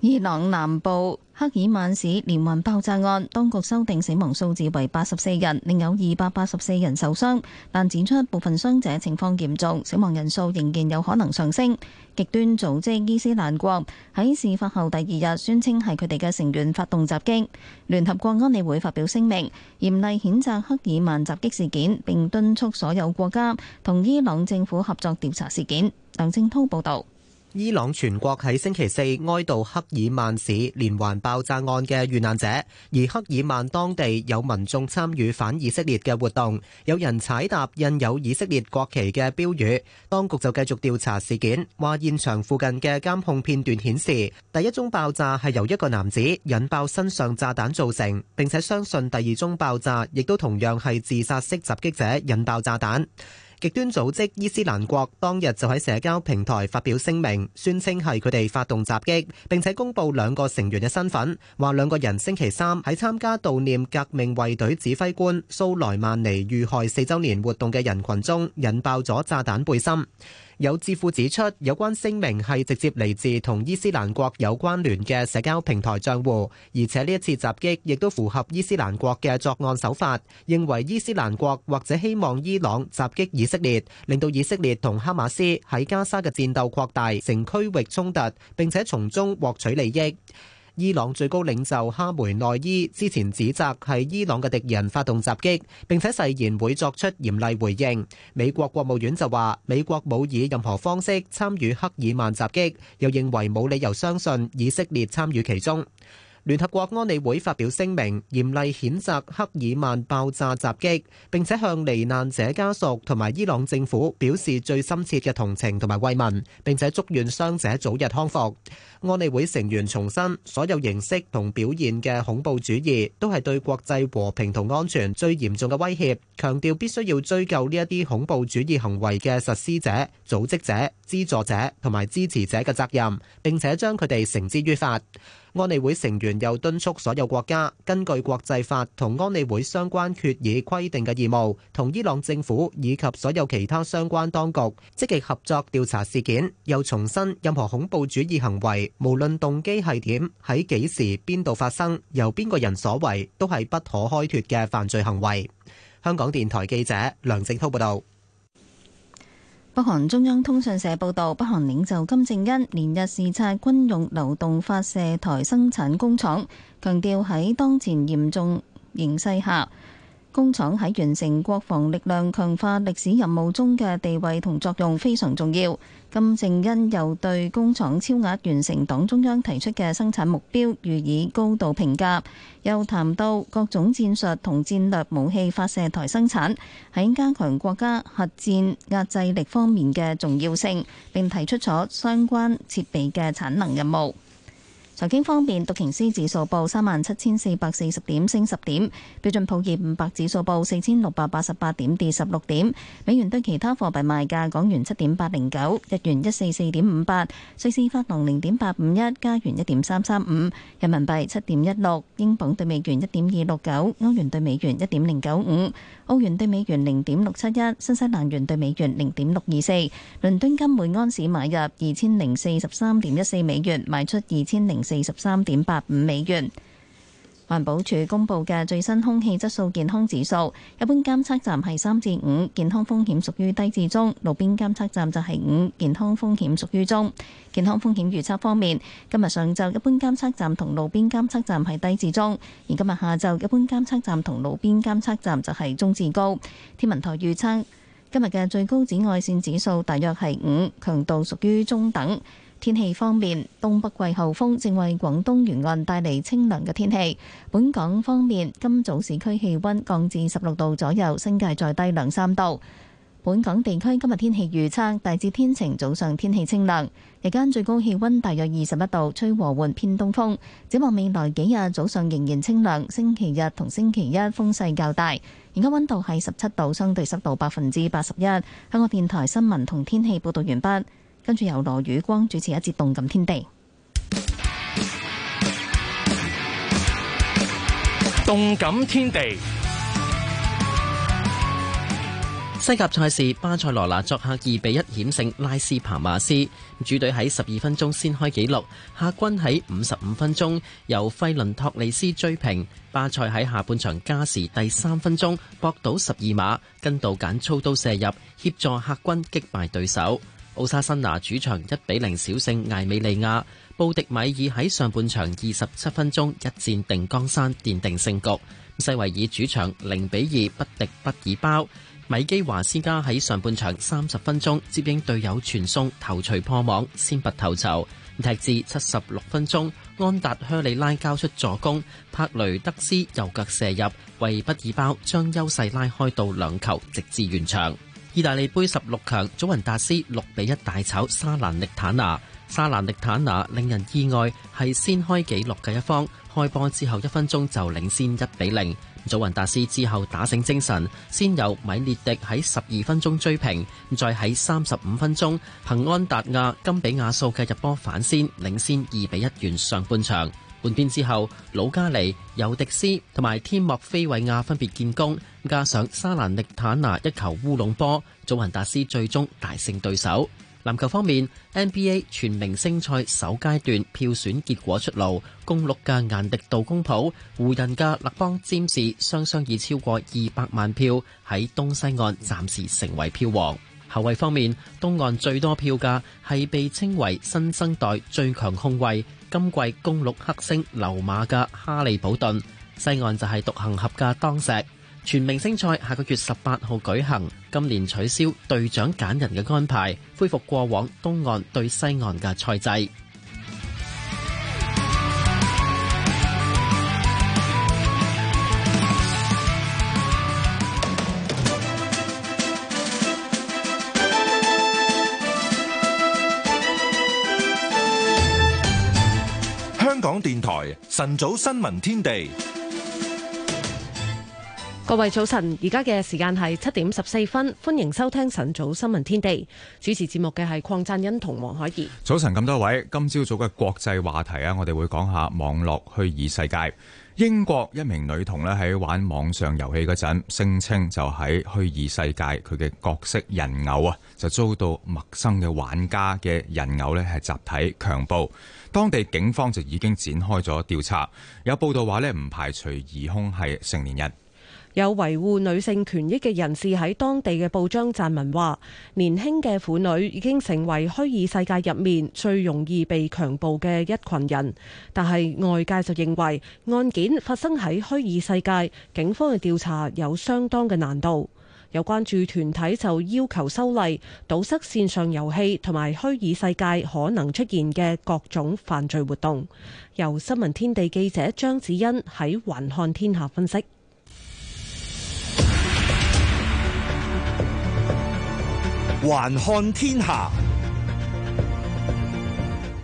伊朗南部克爾曼市連環爆炸案，當局修訂死亡數字為八十四人，另有二百八十四人受傷，但指出部分傷者情況嚴重，死亡人數仍然有可能上升。極端組織伊斯蘭國喺事發後第二日宣稱係佢哋嘅成員發動襲擊。聯合國安理會發表聲明，嚴厲譴責克爾曼襲擊事件，並敦促所有國家同伊朗政府合作調查事件。梁正濤報道。伊朗全國喺星期四哀悼克爾曼市連環爆炸案嘅遇難者，而克爾曼當地有民眾參與反以色列嘅活動，有人踩踏印有以色列國旗嘅標語，當局就繼續調查事件，話現場附近嘅監控片段顯示，第一宗爆炸係由一個男子引爆身上炸彈造成，並且相信第二宗爆炸亦都同樣係自殺式襲擊者引爆炸彈。極端組織伊斯蘭國當日就喺社交平台發表聲明，宣稱係佢哋發動襲擊，並且公佈兩個成員嘅身份，話兩個人星期三喺參加悼念革命衛隊指揮官蘇萊曼尼遇害四週年活動嘅人群中引爆咗炸彈背心。有智庫指出，有關聲明係直接嚟自同伊斯蘭國有關聯嘅社交平台帳戶，而且呢一次襲擊亦都符合伊斯蘭國嘅作案手法。認為伊斯蘭國或者希望伊朗襲擊以色列，令到以色列同哈馬斯喺加沙嘅戰鬥擴大成區域衝突，並且從中獲取利益。伊朗最高領袖哈梅內伊之前指責係伊朗嘅敵人發動襲擊，並且誓言會作出嚴厲回應。美國國務院就話：美國冇以任何方式參與克爾曼襲擊，又認為冇理由相信以色列參與其中。聯合國安理會發表聲明，嚴厲譴責克爾曼爆炸襲擊，並且向罹難者家屬同埋伊朗政府表示最深切嘅同情同埋慰問，並且祝願傷者早日康復。安理會成員重申，所有形式同表現嘅恐怖主義都係對國際和平同安全最嚴重嘅威脅，強調必須要追究呢一啲恐怖主義行為嘅實施者、組織者、資助者同埋支持者嘅責任，並且將佢哋繩之於法。安理會成員又敦促所有國家根據國際法同安理會相關決議規定嘅義務，同伊朗政府以及所有其他相關當局積極合作調查事件。又重申，任何恐怖主義行為，無論動機係點，喺幾時、邊度發生，由邊個人所為，都係不可開脫嘅犯罪行為。香港電台記者梁靜濤報道。北韓中央通訊社報道，北韓領袖金正恩連日視察軍用流動發射台生產工廠，強調喺當前嚴重形勢下，工廠喺完成國防力量強化歷史任務中嘅地位同作用非常重要。金正恩又對工廠超額完成黨中央提出嘅生產目標予以高度評價，又談到各種戰術同戰略武器發射台生產喺加強國家核戰壓制力方面嘅重要性，並提出咗相關設備嘅產能任務。財經方面，道瓊斯指數報三萬七千四百四十點，升十點；標準普爾五百指數報四千六百八十八點，跌十六點。美元對其他貨幣賣價，港元七點八零九，日元一四四點五八，瑞士法郎零點八五一，加元一點三三五，人民幣七點一六，英鎊對美元一點二六九，歐元對美元一點零九五，澳元對美元零點六七一，新西蘭元對美元零點六二四。倫敦金每安士買入二千零四十三點一四美元，賣出二千零四十三點八五美元。環保署公布嘅最新空氣質素健康指數，一般監測站係三至五，健康風險屬於低至中；路邊監測站就係五，健康風險屬於中。健康風險預測方面，今日上晝一般監測站同路邊監測站係低至中，而今日下晝一般監測站同路邊監測站就係中至高。天文台預測，今日嘅最高紫外線指數大約係五，強度屬於中等。天氣方面，東北季候風正為廣東沿岸帶嚟清涼嘅天氣。本港方面，今早市區氣溫降至十六度左右，新界再低兩三度。本港地區今日天氣預測大致天晴，早上天氣清涼，日間最高氣溫大約二十一度，吹和緩偏東風。展望未來幾日早上仍然清涼，星期日同星期一風勢較大。而家溫度係十七度，相對濕度百分之八十一。香港電台新聞同天氣報道完畢。跟住由羅宇光主持一節動感天地。動感天地 西甲賽事，巴塞羅那作客二比一險勝拉斯帕馬斯。主隊喺十二分鐘先開紀錄，客軍喺五十五分鐘由費倫托利斯追平。巴塞喺下半場加時第三分鐘搏到十二碼，跟到簡操，操刀射入，協助客軍擊敗對手。奧沙辛拿主場一比零小勝艾美利亞，布迪米爾喺上半場二十七分鐘一戰定江山，奠定勝局。西維爾主場零比二不敵畢爾包，米基華斯加喺上半場三十分鐘接應隊友傳送頭錘破網，先拔頭籌。踢至七十六分鐘，安達靴里拉交出助攻，帕雷德斯右腳射入，為畢爾包將優勢拉開到兩球，直至完場。意大利杯十六強，祖雲達斯六比一大炒沙蘭力坦拿。沙蘭力坦拿令人意外，係先開紀錄嘅一方。開波之後一分鐘就領先一比零。祖雲達斯之後打醒精神，先有米列迪喺十二分鐘追平。再喺三十五分鐘，憑安達亞金比亞素嘅入波反先，領先二比一完上半場。半邊之後，魯加尼、尤迪斯同埋天莫菲韋亞分別建功，加上沙蘭力坦拿一球烏龍波，祖雲達斯最終大勝對手。籃球方面，NBA 全明星賽首階段票選結果出爐，公鹿嘅顏迪杜公普、湖人嘅勒邦詹士雙雙以超過二百萬票喺東西岸暫時成為票王。後衛方面，東岸最多票嘅係被稱為新生代最強控衛。今季公鹿黑星、流馬嘅哈利普頓，西岸就係獨行俠嘅當石。全明星賽下個月十八號舉行，今年取消隊長揀人嘅安排，恢復過往東岸對西岸嘅賽制。電台晨早新聞天地，各位早晨，而家嘅時間係七點十四分，歡迎收聽晨早新聞天地。主持節目嘅係鄺贊欣同黃海怡。早晨，咁多位，今朝早嘅國際話題啊，我哋會講下網絡虛擬世界。英國一名女童咧喺玩網上遊戲嗰陣，聲稱就喺虛擬世界，佢嘅角色人偶啊，就遭到陌生嘅玩家嘅人偶咧，係集體強暴。當地警方就已經展開咗調查，有報道話呢唔排除疑兇係成年人。有維護女性權益嘅人士喺當地嘅報章撰文話，年輕嘅婦女已經成為虛擬世界入面最容易被強暴嘅一群人。但係外界就認為案件發生喺虛擬世界，警方嘅調查有相當嘅難度。有關注團體就要求修例堵塞線上遊戲同埋虛擬世界可能出現嘅各種犯罪活動。由新聞天地記者張子欣喺《環看天下》分析，《環看天下》。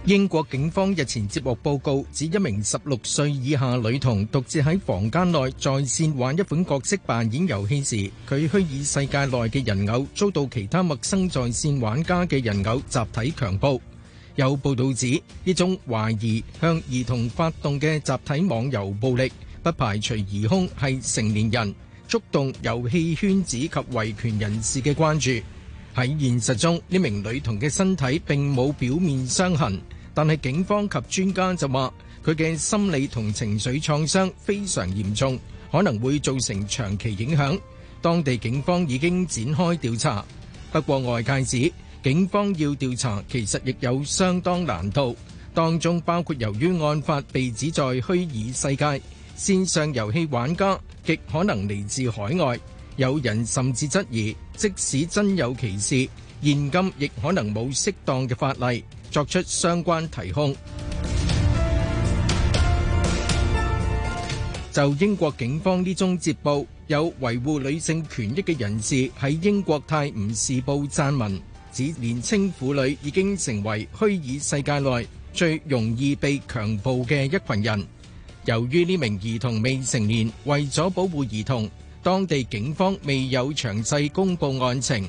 英國警方日前接獲報告，指一名十六歲以下女童獨自喺房間內在線玩一款角色扮演遊戲時，佢虛擬世界內嘅人偶遭到其他陌生在線玩家嘅人偶集體強暴。有報道指，呢種懷疑向兒童發動嘅集體網遊暴力，不排除疑兇係成年人，觸動遊戲圈子及維權人士嘅關注。喺現實中，呢名女童嘅身體並冇表面傷痕。但係警方及專家就話，佢嘅心理同情緒創傷非常嚴重，可能會造成長期影響。當地警方已經展開調查，不過外界指警方要調查其實亦有相當難度，當中包括由於案發被指在虛擬世界，線上遊戲玩家極可能嚟自海外，有人甚至質疑，即使真有其事，現今亦可能冇適當嘅法例作出相關提控。就英國警方呢宗接報，有維護女性權益嘅人士喺英國泰晤士報撰文，指年青婦女已經成為虛擬世界內最容易被強暴嘅一群人。由於呢名兒童未成年，為咗保護兒童，當地警方未有詳細公布案情。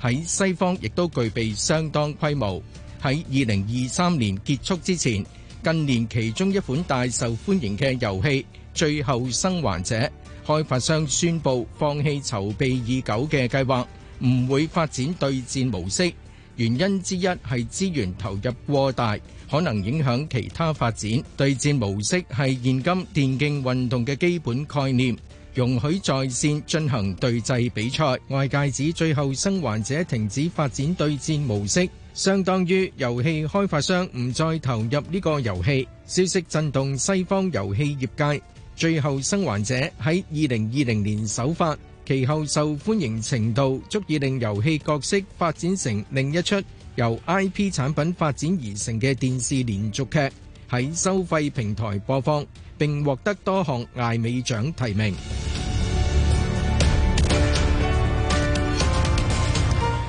喺西方亦都具備相當規模。喺二零二三年結束之前，近年其中一款大受歡迎嘅遊戲《最後生還者》，開發商宣布放棄籌備已久嘅計劃，唔會發展對戰模式。原因之一係資源投入過大，可能影響其他發展。對戰模式係現今電競運動嘅基本概念。容許在線進行對峙比賽，外界指最後生還者停止發展對戰模式，相當於遊戲開發商唔再投入呢個遊戲。消息震動西方遊戲業界。最後生還者喺二零二零年首發，其後受歡迎程度足以令遊戲角色發展成另一出由 IP 產品發展而成嘅電視連續劇喺收費平台播放。並獲得多項艾美獎提名，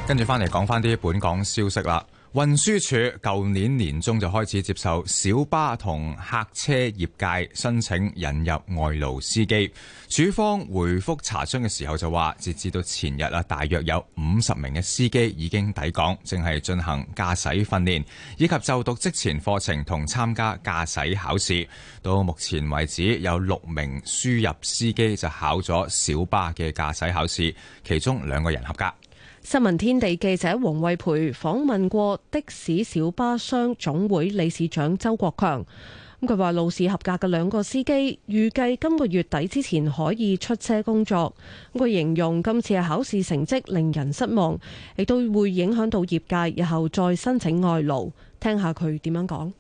跟住返嚟講返啲本港消息啦。運輸署舊年年中就開始接受小巴同客車業界申請引入外勞司機。署方回覆查詢嘅時候就話，截至到前日啊，大約有五十名嘅司機已經抵港，正係進行駕駛訓練以及就讀職前課程同參加駕駛考試。到目前為止，有六名輸入司機就考咗小巴嘅駕駛考試，其中兩個人合格。新聞天地記者黃慧培，訪問過的士小巴商總會理事長周國強，咁佢話路試合格嘅兩個司機預計今個月底之前可以出車工作。咁佢形容今次嘅考試成績令人失望，亦都會影響到業界日後再申請外勞。聽下佢點樣講。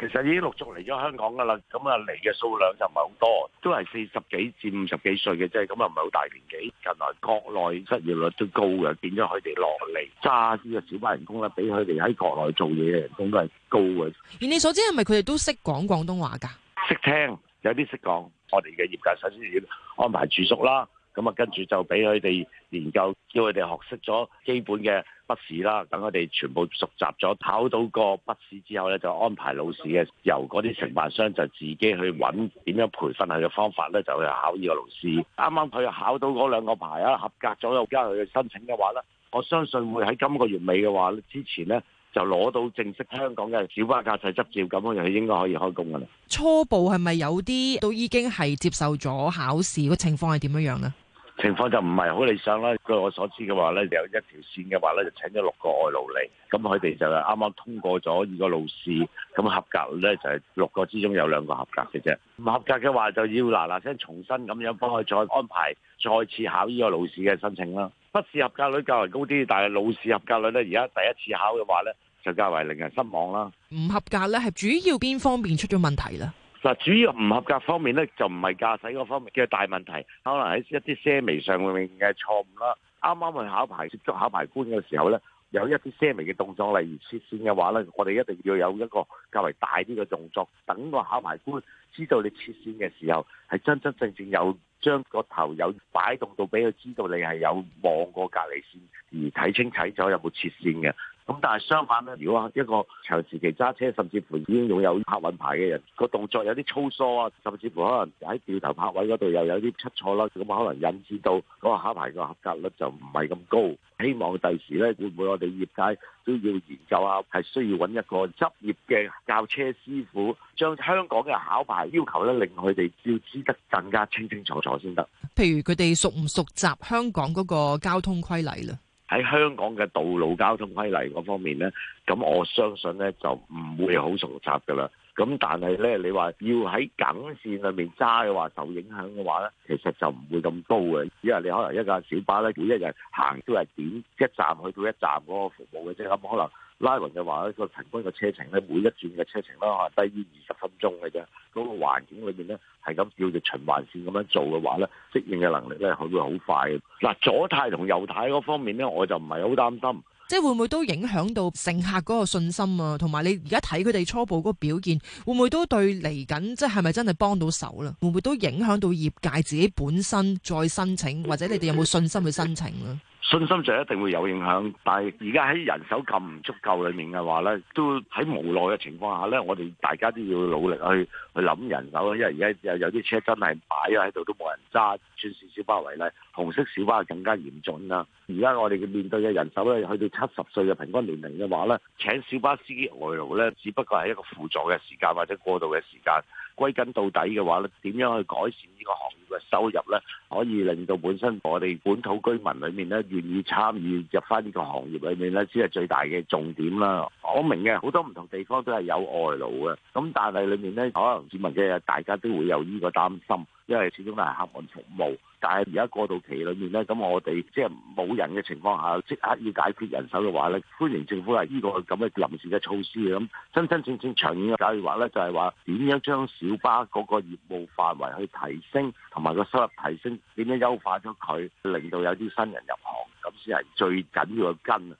其實已經陸續嚟咗香港噶啦，咁啊嚟嘅數量就唔係好多，都係四十幾至五十幾歲嘅啫，即係咁啊唔係好大年紀。近來國內失業率都高嘅，變咗佢哋落嚟揸啲嘅小巴人工啦，比佢哋喺國內做嘢嘅人工都係高嘅。而你所知係咪佢哋都識講廣東話噶？識聽，有啲識講，我哋嘅業界首先要安排住宿啦。咁啊，跟住就俾佢哋研究，叫佢哋學識咗基本嘅筆試啦。等佢哋全部熟習咗，考到個筆試之後咧，就安排老師嘅，由嗰啲承辦商就自己去揾點樣培訓佢嘅方法咧，就去考呢個老師。啱啱佢考到嗰兩個牌啊，合格咗而家佢去申請嘅話咧，我相信會喺今個月尾嘅話之前咧，就攞到正式香港嘅小巴駕駛執照，咁樣佢應該可以開工噶啦。初步係咪有啲都已經係接受咗考試？個情況係點樣樣咧？情況就唔係好理想啦。據我所知嘅話呢就有一條線嘅話呢就請咗六個外勞嚟，咁佢哋就係啱啱通過咗二個路試，咁合格呢，就係六個之中有兩個合格嘅啫。唔合格嘅話就要嗱嗱聲重新咁樣幫佢再安排再次考呢個路試嘅申請啦。筆試合格率較為高啲，但係路試合格率呢，而家第一次考嘅話呢，就較為令人失望啦。唔合格呢，係主要邊方面出咗問題啦？嗱，主要唔合格方面咧，就唔係駕駛嗰方面嘅大問題，可能喺一啲些微上面嘅錯誤啦。啱啱去考牌、接觸考牌官嘅時候咧，有一啲些微嘅動作，例如切線嘅話咧，我哋一定要有一個較為大啲嘅動作，等個考牌官知道你切線嘅時候，係真真正正有將個頭有擺動到俾佢知道你係有望過隔離線而睇清睇咗有冇切線嘅。咁但係相反咧，如果一個長時期揸車，甚至乎已經擁有客運牌嘅人，個動作有啲粗疏啊，甚至乎可能喺掉頭泊位嗰度又有啲出錯啦，咁可能引致到嗰個考牌嘅合格率就唔係咁高。希望第時咧，會唔會我哋業界都要研究下，係需要揾一個執業嘅教車師傅，將香港嘅考牌要求咧，令佢哋照知得更加清清楚楚先得。譬如佢哋熟唔熟習香港嗰個交通規例啦？喺香港嘅道路交通規例嗰方面呢，咁我相信呢就唔會好複雜㗎喇。咁但係呢，你話要喺梗線裏面揸嘅話，受影響嘅話呢，其實就唔會咁高嘅，只係你可能一架小巴呢，佢一日行都係點一站去到一站嗰個服務嘅啫，咁可能。拉勻嘅話，一個平均嘅車程咧，每一轉嘅車程啦嚇，低於二十分鐘嘅啫。嗰、那個環境裏邊咧，係咁叫做循環線咁樣做嘅話咧，適應嘅能力咧，佢會好快。嗱，左軚同右軚嗰方面咧，我就唔係好擔心。即係會唔會都影響到乘客嗰個信心啊？同埋你而家睇佢哋初步嗰個表現，會唔會都對嚟緊？即係係咪真係幫到手啦？會唔會都影響到業界自己本身再申請，或者你哋有冇信心去申請啦？信心就一定會有影響，但係而家喺人手咁唔足夠裏面嘅話咧，都喺無奈嘅情況下咧，我哋大家都要努力去去諗人手啦，因為而家有有啲車真係擺咗喺度都冇人揸，轉市小巴為例，紅色小巴更加嚴重啦。而家我哋嘅面對嘅人手咧，去到七十歲嘅平均年齡嘅話咧，請小巴司機外勞咧，只不過係一個輔助嘅時間或者過渡嘅時間，歸根到底嘅話咧，點樣去改善呢個行嘅收入咧，可以令到本身我哋本土居民裏面咧，願意參與入翻呢個行業裏面咧，先係最大嘅重點啦。我明嘅好多唔同地方都係有外勞嘅，咁但係裏面咧可能市民嘅大家都會有呢個擔心，因為始終都係客運服務。但係而家過渡期裏面咧，咁我哋即係冇人嘅情況下，即刻要解決人手嘅話咧，歡迎政府係呢個咁嘅臨時嘅措施。咁真真正正長遠嘅計劃咧，就係話點樣將小巴嗰個業務範圍去提升。同埋個收入提升，點樣優化咗佢，令到有啲新人入行，咁先係最緊要嘅根啊！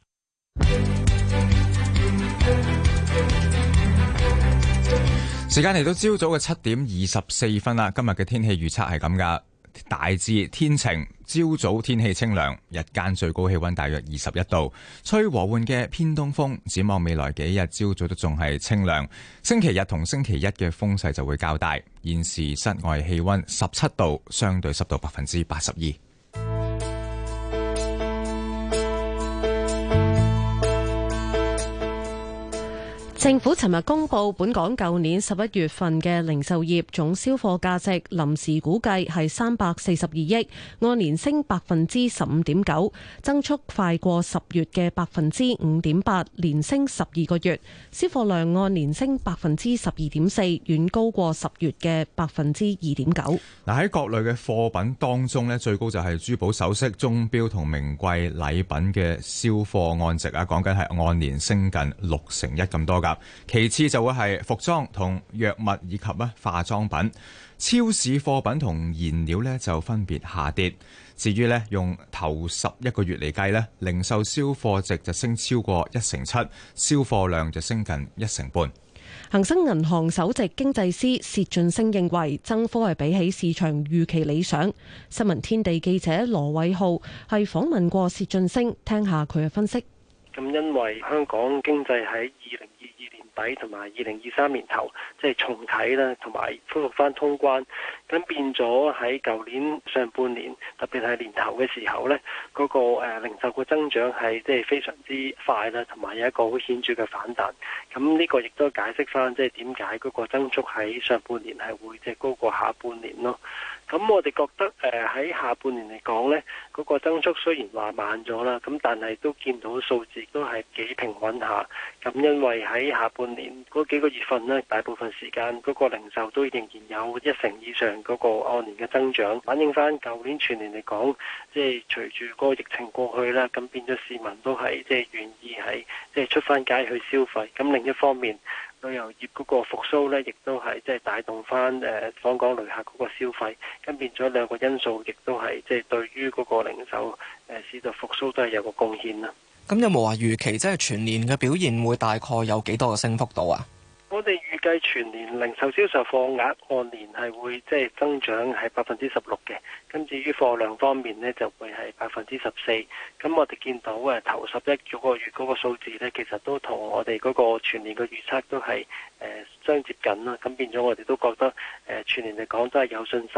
時間嚟到朝早嘅七點二十四分啦，今日嘅天氣預測係咁㗎，大致天晴。朝早天氣清涼，日間最高氣溫大約二十一度，吹和緩嘅偏東風。展望未來幾日，朝早都仲係清涼。星期日同星期一嘅風勢就會較大。現時室外氣溫十七度，相對濕度百分之八十二。政府尋日公布本港舊年十一月份嘅零售業總銷貨價值臨時估計係三百四十二億，按年升百分之十五點九，增速快過十月嘅百分之五點八，連升十二個月。銷貨量按年升百分之十二點四，遠高過十月嘅百分之二點九。嗱喺各類嘅貨品當中咧，最高就係珠寶首飾鐘表同名貴禮品嘅銷貨按值啊，講緊係按年升近六成一咁多噶。其次就會係服裝同藥物，以及咧化妝品、超市貨品同燃料呢就分別下跌。至於咧用頭十一個月嚟計咧，零售銷貨值就升超過一成七，銷貨量就升近一成半。恒生銀行首席經濟師薛俊昇認為，增幅係比起市場預期理想。新聞天地記者羅偉浩係訪問過薛俊昇，聽下佢嘅分析。咁因為香港經濟喺二零。二年底同埋二零二三年頭，即係重啟啦，同埋恢復翻通關，咁變咗喺舊年上半年，特別係年頭嘅時候呢，嗰、嗰個零售嘅增長係即係非常之快啦，同埋有一個好顯著嘅反彈。咁呢個亦都解釋翻，即係點解嗰個增速喺上半年係會即係高過下半年咯。咁我哋覺得誒喺、呃、下半年嚟講呢，嗰、嗰個增速雖然話慢咗啦，咁但係都見到數字都係幾平穩下。咁因為喺下半年嗰幾個月份咧，大部分時間嗰個零售都仍然有一成以上嗰個按年嘅增長，反映翻舊年全年嚟講，即、就、係、是、隨住個疫情過去啦，咁變咗市民都係即係願意喺即係出翻街去消費。咁另一方面。旅遊業嗰個復蘇咧，亦都係即係帶動翻誒訪港旅客嗰個消費，咁變咗兩個因素，亦都係即係對於嗰個零售誒市道復蘇都係有個貢獻啦。咁有冇話預期，即係全年嘅表現會大概有幾多個升幅度啊？我哋。計全年零售銷售貨額按年係會即係、就是、增長係百分之十六嘅，跟至於貨量方面呢，就會係百分之十四。咁我哋見到誒頭十一個月嗰個數字呢，其實都同我哋嗰個全年嘅預測都係誒、呃、相接近啦。咁變咗我哋都覺得誒、呃、全年嚟講都係有信心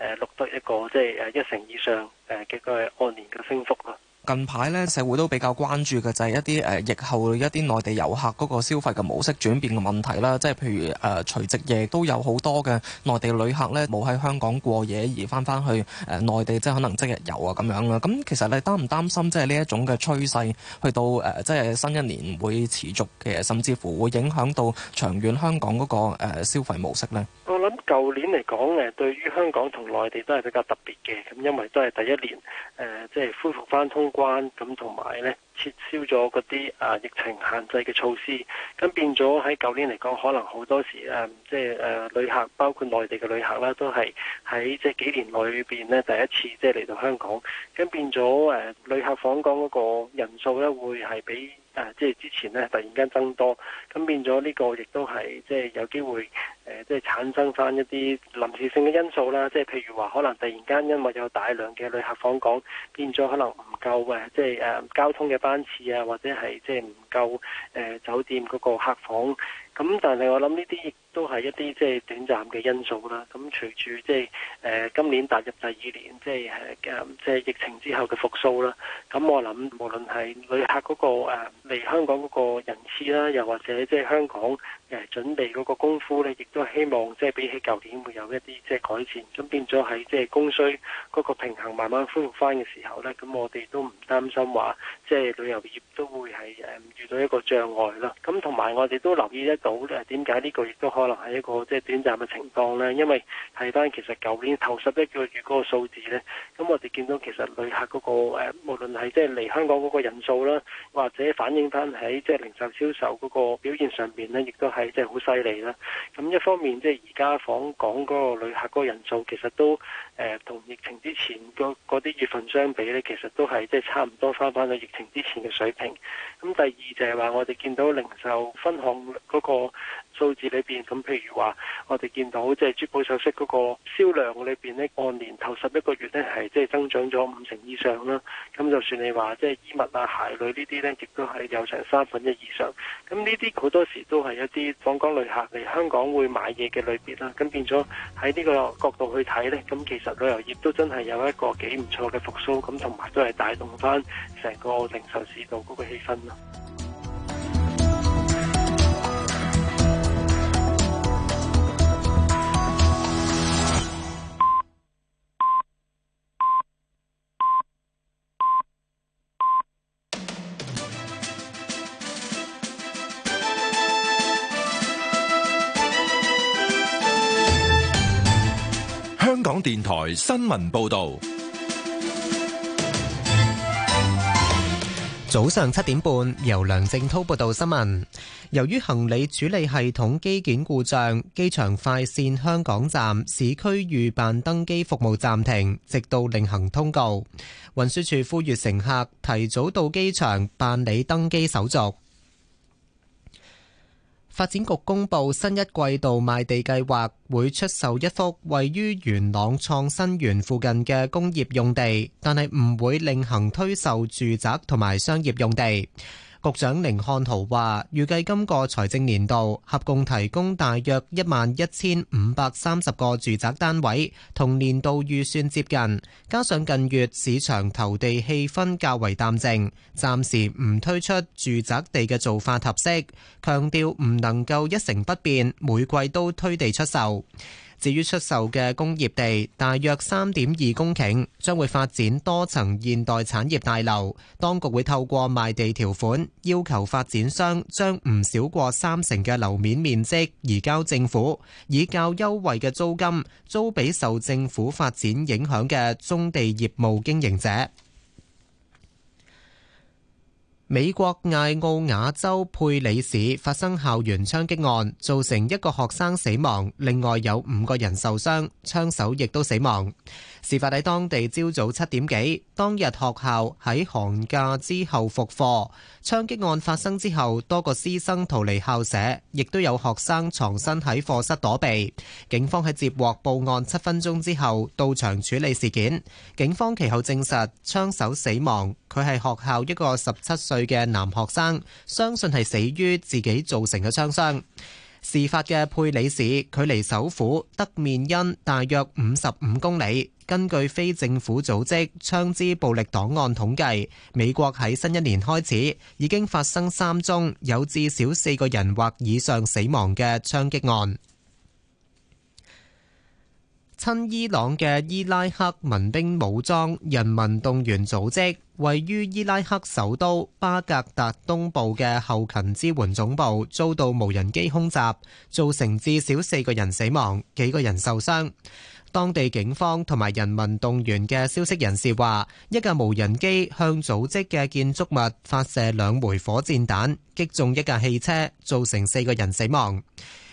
誒錄、呃、得一個即係誒一成以上誒嘅個按年嘅升幅啦。近排咧，社會都比較關注嘅就係一啲誒疫後一啲內地遊客嗰個消費嘅模式轉變嘅問題啦，即係譬如誒除夕夜都有好多嘅內地旅客咧冇喺香港過夜而翻翻去誒內地，即係可能即日遊啊咁樣啦。咁其實你擔唔擔心即係呢一種嘅趨勢去到誒即係新一年會持續嘅，甚至乎會影響到長遠香港嗰個消費模式呢？字我諗舊年嚟講誒字，對於香港同內地都係比較特別嘅，咁因為都係第一年誒，即係恢復翻通。就是關咁同埋咧，撤銷咗嗰啲啊疫情限制嘅措施，咁變咗喺舊年嚟講，可能好多時誒、嗯，即係誒、呃，旅客包括內地嘅旅客啦，都係喺即係幾年裏邊咧，第一次即係嚟到香港，咁變咗誒、呃，旅客訪港嗰個人數咧，會係比。啊！即係之前呢，突然間增多，咁變咗呢個亦都係即係有機會誒、呃，即係產生翻一啲臨時性嘅因素啦。即係譬如話，可能突然間因為有大量嘅旅客訪港，變咗可能唔夠誒，即係誒、啊、交通嘅班次啊，或者係即係唔夠誒、呃、酒店嗰個客房。咁但係我諗呢啲。都係一啲即係短暫嘅因素啦。咁隨住即係誒今年踏入第二年，即係誒即係疫情之後嘅復甦啦。咁我諗，無論係旅客嗰個誒嚟香港嗰個人次啦，又或者即係香港誒準備嗰個功夫咧，亦都希望即係比起舊年會有一啲即係改善。咁變咗喺即係供需嗰個平衡慢慢恢復翻嘅時候咧，咁我哋都唔擔心話即係旅遊業都會係誒遇到一個障礙啦。咁同埋我哋都留意得到咧，點解呢個亦都可。可能係一個即係短暫嘅情況咧，因為睇翻其實舊年頭十一個月嗰個數字呢，咁我哋見到其實旅客嗰、嗰個誒、呃，無論係即係嚟香港嗰個人數啦，或者反映翻喺即係零售銷售嗰個表現上面呢，呢亦都係即係好犀利啦。咁一方面即係而家訪港嗰個旅客嗰個人數，其實都誒同、呃、疫情之前嗰啲月份相比呢，其實都係即係差唔多翻返去疫情之前嘅水平。咁第二就係話，我哋見到零售分行嗰、嗰個。數字裏邊咁，譬如話我哋見到即係珠寶首飾嗰個銷量裏邊咧，按年頭十一個月呢係即係增長咗五成以上啦。咁就算你話即係衣物啊、鞋類呢啲呢，亦都係有成三分一以上。咁呢啲好多時都係一啲訪港旅客嚟香港會買嘢嘅類別啦。咁變咗喺呢個角度去睇呢，咁其實旅遊業都真係有一個幾唔錯嘅復甦，咁同埋都係帶動翻成個零售市道嗰個氣氛啦。香港電台新聞報道，早上七點半，由梁正濤報道新聞。由於行李處理系統機件故障，機場快線香港站市區預辦登機服務暫停，直到另行通告。運輸處呼籲乘客提早到機場辦理登機手續。發展局公布新一季度賣地計劃，會出售一幅位於元朗創新園附近嘅工業用地，但係唔會另行推售住宅同埋商業用地。局長寧漢豪話，預計今個財政年度合共提供大約一萬一千五百三十個住宅單位，同年度預算接近。加上近月市場投地氣氛較為淡靜，暫時唔推出住宅地嘅做法合適。強調唔能夠一成不變，每季都推地出售。至於出售嘅工業地，大約三點二公頃，將會發展多層現代產業大樓。當局會透過賣地條款，要求發展商將唔少過三成嘅樓面面積移交政府，以較優惠嘅租金租俾受政府發展影響嘅棕地業務經營者。美國艾奧瓦州佩里市發生校園槍擊案，造成一個學生死亡，另外有五個人受傷，槍手亦都死亡。事發喺當地朝早七點幾，當日學校喺寒假之後復課，槍擊案發生之後，多個師生逃離校舍，亦都有學生藏身喺課室躲避。警方喺接獲報案七分鐘之後到場處理事件，警方其後證實槍手死亡，佢係學校一個十七歲嘅男學生，相信係死於自己造成嘅槍傷。事發嘅佩里市距離首府德面恩大約五十五公里。根據非政府組織槍支暴力檔案統計，美國喺新一年開始已經發生三宗有至少四個人或以上死亡嘅槍擊案。親伊朗嘅伊拉克民兵武裝人民動員組織位於伊拉克首都巴格達東部嘅後勤支援總部遭到無人機空襲，造成至少四個人死亡，幾個人受傷。當地警方同埋人民動員嘅消息人士話，一架無人機向組織嘅建築物發射兩枚火箭彈，擊中一架汽車，造成四個人死亡。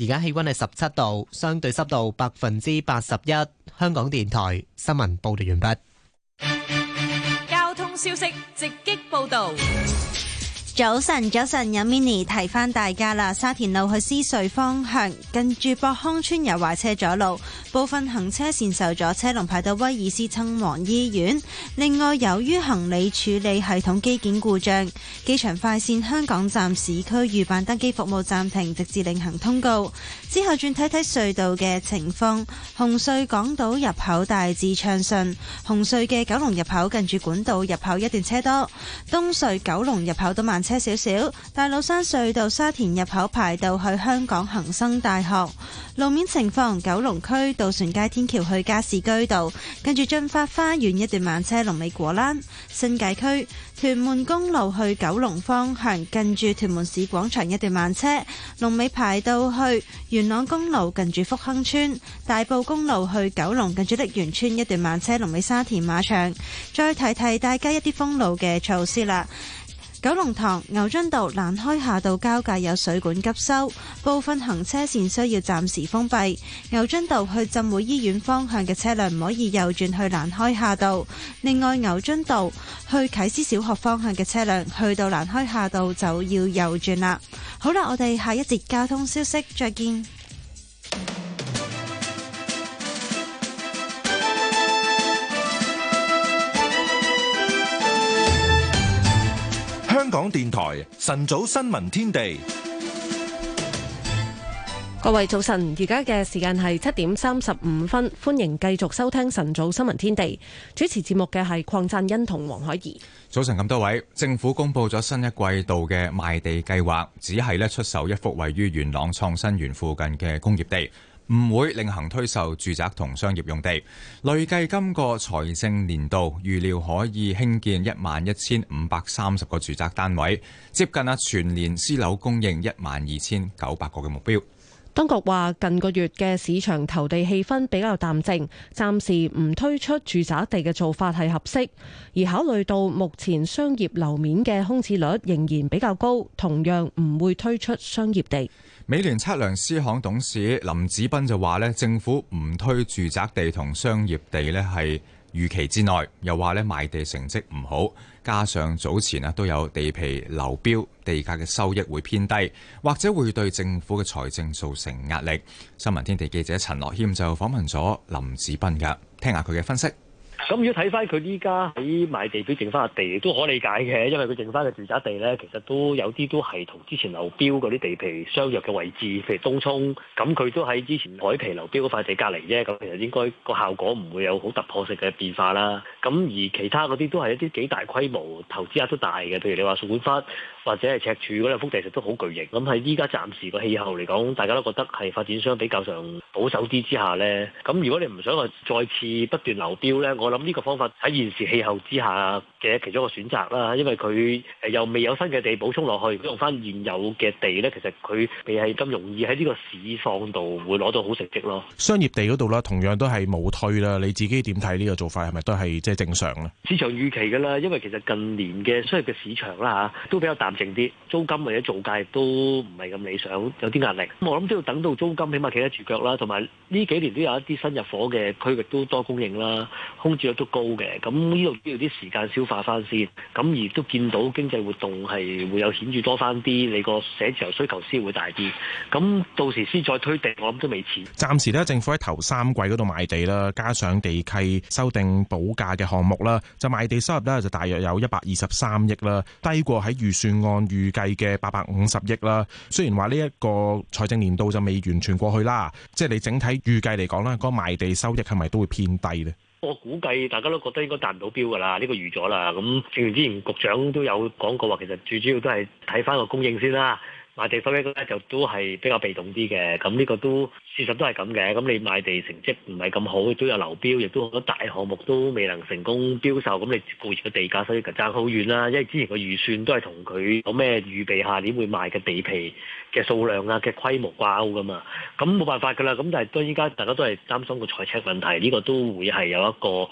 而家氣温係十七度，相對濕度百分之八十一。香港電台新聞報道完畢。交通消息直擊報道。早晨，早晨，有 mini 提翻大家啦。沙田路去獅隧方向，近住博康邨有壞車阻路，部分行車線受阻，車龍排到威爾斯親王醫院。另外，由於行李處理系統機件故障，機場快線香港站市區預辦登機服務暫停，直至另行通告。之後轉睇睇隧道嘅情況。紅隧港島入口大致暢順，紅隧嘅九龍入口近住管道入口一段車多，東隧九龍入口都慢。車少少，大老山隧道沙田入口排到去香港恒生大學路面情況，九龍區渡船街天橋去加士居道，跟住駿發花園一段慢車，龍尾果欄；新界區屯門公路去九龍方向，跟住屯門市廣場一段慢車，龍尾排到去元朗公路，近住福亨村；大埔公路去九龍，近住瀝源邨一段慢車，龍尾沙田馬場。再提提大家一啲封路嘅措施啦。九龍塘牛津道蘭開夏道交界有水管急修，部分行車線需要暫時封閉。牛津道去浸會醫院方向嘅車輛唔可以右轉去蘭開夏道。另外，牛津道去啟思小學方向嘅車輛去到蘭開夏道就要右轉啦。好啦，我哋下一節交通消息再見。香港電台晨早新聞天地，各位早晨，而家嘅時間係七點三十五分，歡迎繼續收聽晨早新聞天地。主持節目嘅係鄺贊欣同黃海怡。早晨咁多位，政府公布咗新一季度嘅賣地計劃，只係咧出售一幅位於元朗創新園附近嘅工業地。唔會另行推售住宅同商業用地。累計今個財政年度預料可以興建一萬一千五百三十個住宅單位，接近啊全年私樓供應一萬二千九百個嘅目標。當局話，近個月嘅市場投地氣氛比較淡靜，暫時唔推出住宅地嘅做法係合適。而考慮到目前商業樓面嘅空置率仍然比較高，同樣唔會推出商業地。美聯測量師行董事林子斌就話咧，政府唔推住宅地同商業地咧係預期之內，又話咧賣地成績唔好。加上早前啊都有地皮流標，地價嘅收益會偏低，或者會對政府嘅財政造成壓力。新聞天地記者陳樂謙就訪問咗林子斌噶，聽下佢嘅分析。咁如果睇翻佢依家喺賣地表淨翻嘅地，都可理解嘅，因為佢淨翻嘅住宅地呢，其實都有啲都係同之前流標嗰啲地皮相若嘅位置，譬如東涌，咁佢都喺之前海皮流標嗰塊地隔離啫，咁其實應該個效果唔會有好突破性嘅變化啦。咁而其他嗰啲都係一啲幾大規模投資額都大嘅，譬如你話數據翻。或者係赤柱嗰兩幅地，其實都好巨型。咁喺依家暫時個氣候嚟講，大家都覺得係發展商比較上保守啲之下咧。咁如果你唔想話再次不斷流標咧，我諗呢個方法喺現時氣候之下嘅其中一個選擇啦。因為佢又未有新嘅地補充落去，用翻現有嘅地咧，其實佢未係咁容易喺呢個市況度會攞到好成績咯。商業地嗰度啦，同樣都係冇推啦。你自己點睇呢個做法係咪都係即係正常咧？市場預期㗎啦，因為其實近年嘅商業嘅市場啦嚇都比較大。啲，租金或者造價亦都唔係咁理想，有啲壓力。我諗都要等到租金起碼企得住腳啦，同埋呢幾年都有一啲新入伙嘅區域都多供應啦，空置率都高嘅。咁呢度都要啲時間消化翻先。咁而都見到經濟活動係會有顯著多翻啲，你個寫字樓需求先會大啲。咁到時先再推地，我諗都未遲。暫時咧，政府喺頭三季嗰度賣地啦，加上地契修訂補價嘅項目啦，就賣地收入咧就大約有一百二十三億啦，低過喺預算。按預計嘅八百五十億啦，雖然話呢一個財政年度就未完全過去啦，即係你整體預計嚟講啦，嗰個賣地收益係咪都會偏低呢？我估計大家都覺得應該達唔到標噶啦，呢個預咗啦。咁正如之前局長都有講過話，其實最主要都係睇翻個供應先啦。賣地收益嗰就都係比較被動啲嘅，咁呢個都事實都係咁嘅。咁你賣地成績唔係咁好，都有流標，亦都好多大項目都未能成功標售。咁你固住個地價收益就爭好遠啦，因為之前個預算都係同佢有咩預備下，下年會賣嘅地皮嘅數量啊嘅規模掛鈎噶嘛。咁冇辦法㗎啦。咁但係都依家大家都係擔心個財赤問題，呢、呢個都會係有一個。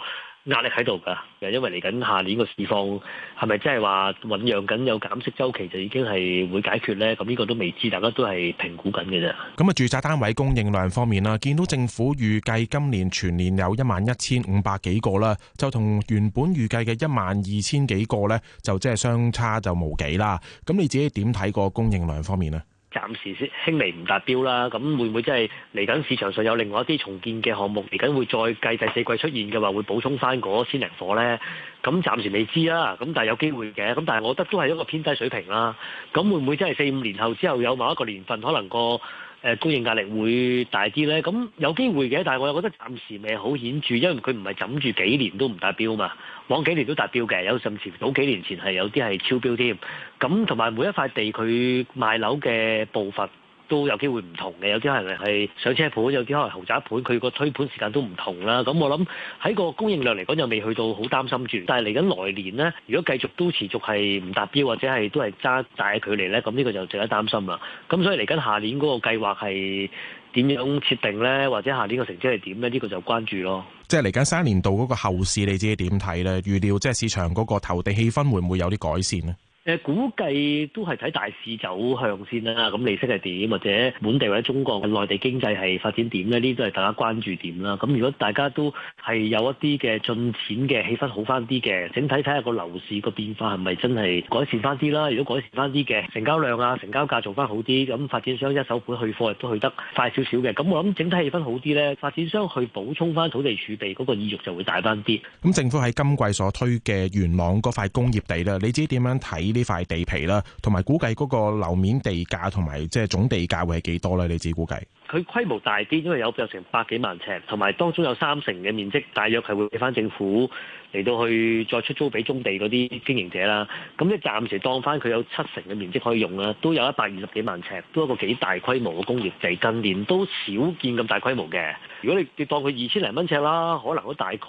壓力喺度噶，因為嚟緊下，下年個市況係咪即係話醞釀緊有減息週期，就已經係會解決呢？咁呢個都未知，大家都係評估緊嘅啫。咁啊，住宅單位供應量方面啦，見到政府預計今年全年有一萬一千五百幾個啦，就同原本預計嘅一萬二千幾個呢，就即係相差就無幾啦。咁你自己點睇個供應量方面呢？暫時先輕微唔達標啦，咁會唔會即係嚟緊市場上有另外一啲重建嘅項目，嚟緊會再計第四季出現嘅話，會補充翻嗰千零夥呢？咁暫時未知啦，咁但係有機會嘅，咁但係我覺得都係一個偏低水平啦。咁會唔會真係四五年後之後有某一個年份可能個？誒供應壓力會大啲呢，咁有機會嘅，但係我又覺得暫時未好顯著，因為佢唔係枕住幾年都唔達標嘛，往幾年都達標嘅，有甚至早幾年前係有啲係超標添。咁同埋每一塊地佢賣樓嘅步伐。都有機會唔同嘅，有啲可能係上車盤，有啲可能豪宅盤，佢個推盤時間都唔同啦。咁我諗喺個供應量嚟講又未去到好擔心住，但係嚟緊來年呢，如果繼續都持續係唔達標或者係都係揸大嘅距離呢，咁呢個就值得擔心啦。咁所以嚟緊下年嗰個計劃係點樣設定呢？或者下年個成績係點呢？呢個就關注咯。即係嚟緊三年度嗰個後市，你自己點睇呢？預料即係市場嗰個投地氣氛會唔會有啲改善呢？估計都係睇大市走向先啦，咁利息係點，或者本地或者中國嘅內地經濟係發展點呢？呢啲都係大家關注點啦。咁如果大家都係有一啲嘅進展嘅氣氛好翻啲嘅，整體睇下個樓市個變化係咪真係改善翻啲啦？如果改善翻啲嘅成交量啊、成交價做翻好啲，咁發展商一手盤去貨亦都去得快少少嘅。咁我諗整體氣氛好啲呢，發展商去補充翻土地儲備嗰個意欲就會大翻啲。咁政府喺今季所推嘅元朗嗰塊工業地咧，你自己點樣睇？呢塊地皮啦，同埋估計嗰個樓面地價，同埋即係總地價會係幾多咧？你自己估計佢規模大啲，因為有有成百幾萬呎，同埋當中有三成嘅面積，大約係會俾翻政府。嚟到去再出租俾中地嗰啲經營者啦，咁咧暫時當翻佢有七成嘅面積可以用啦，都有一百二十幾萬尺，都係一個幾大規模嘅工業地，就是、近年都少見咁大規模嘅。如果你當佢二千零蚊尺啦，可能都大概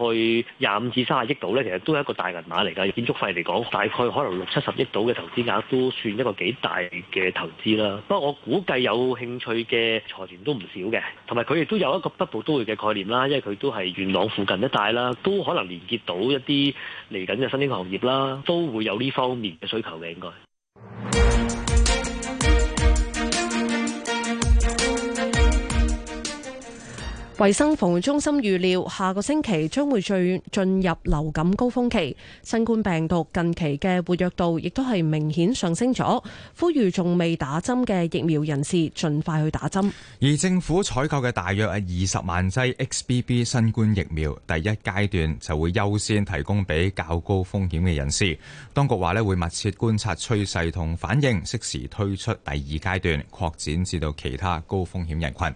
廿五至三十億度呢，其實都係一個大銀碼嚟㗎。建築費嚟講，大概可能六七十億到嘅投資額都算一個幾大嘅投資啦。不過我估計有興趣嘅財團都唔少嘅，同埋佢亦都有一個北部都會嘅概念啦，因為佢都係元朗附近一帶啦，都可能連結到。一啲嚟緊嘅新興行業啦，都會有呢方面嘅需求嘅，應該。衛生防護中心預料下個星期將會進進入流感高峰期，新冠病毒近期嘅活躍度亦都係明顯上升咗，呼籲仲未打針嘅疫苗人士盡快去打針。而政府採購嘅大約係二十萬劑 XBB 新冠疫苗，第一階段就會優先提供俾較高風險嘅人士。當局話咧會密切觀察趨勢同反應，適時推出第二階段，擴展至到其他高風險人群。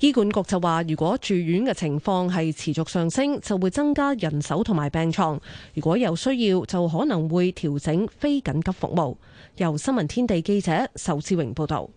醫管局就話，如果住院嘅情況係持續上升，就會增加人手同埋病床。如果有需要，就可能會調整非緊急服務。由新聞天地記者仇志榮報道。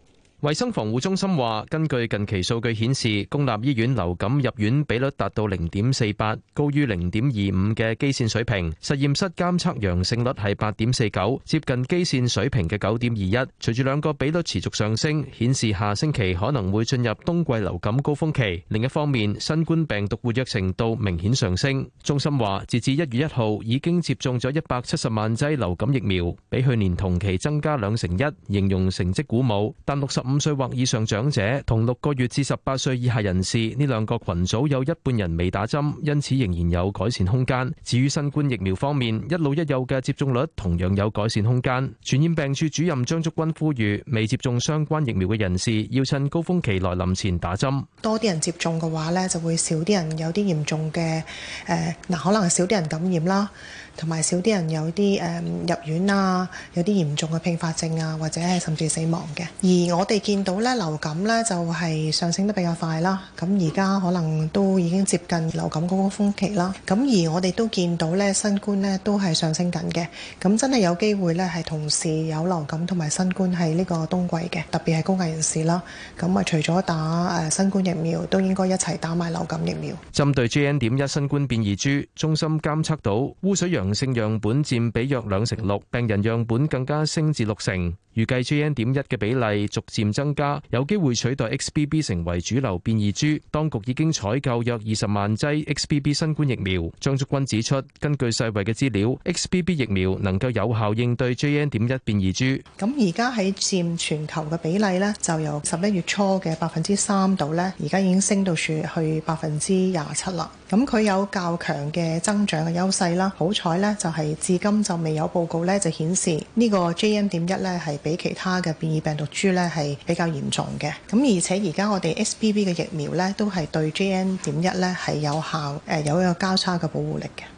衛生防護中心話，根據近期數據顯示，公立醫院流感入院比率達到零點四八，高於零點二五嘅基線水平。實驗室監測陽性率係八點四九，接近基線水平嘅九點二一。隨住兩個比率持續上升，顯示下星期可能會進入冬季流感高峰期。另一方面，新冠病毒活躍程度明顯上升。中心話，截至一月一號，已經接種咗一百七十萬劑流感疫苗，比去年同期增加兩成一，形容成績鼓舞，但六十五歲或以上長者同六個月至十八歲以下人士呢兩個群組有一半人未打針，因此仍然有改善空間。至於新冠疫苗方面，一老一幼嘅接種率同樣有改善空間。傳染病處主任張竹君呼籲，未接種相關疫苗嘅人士要趁高峰期來臨前打針。多啲人接種嘅話呢，就會少啲人有啲嚴重嘅誒，嗱、呃，可能係少啲人感染啦。同埋少啲人有啲誒入院啊，有啲嚴重嘅併發症啊，或者係甚至死亡嘅。而我哋見到咧流感咧就係上升得比較快啦，咁而家可能都已經接近流感嗰個峰期啦。咁而我哋都見到咧新冠咧都係上升緊嘅。咁真係有機會咧係同時有流感同埋新冠係呢個冬季嘅，特別係高危人士啦。咁啊除咗打誒新冠疫苗，都應該一齊打埋流感疫苗。針對 JN. 點一新冠變異株，中心監測到污水樣。陽性樣本佔比約兩成六，病人樣本更加升至六成。預計 JN. 點一嘅比例逐漸增加，有機會取代 XBB 成為主流變異株。當局已經採購約二十萬劑 XBB 新冠疫苗。張竹君指出，根據世衛嘅資料，XBB 疫苗能夠有效應對 JN. 點一變異株。咁而家喺佔全球嘅比例呢，就由十一月初嘅百分之三度呢，而家已經升到處去百分之廿七啦。咁佢有較強嘅增長嘅優勢啦，好彩咧就係至今就未有報告咧就顯示呢個 JN 點一係比其他嘅變異病毒株咧係比較嚴重嘅，咁而且而家我哋 SBB 嘅疫苗咧都係對 JN 點一係有效，誒有一個交叉嘅保護力嘅。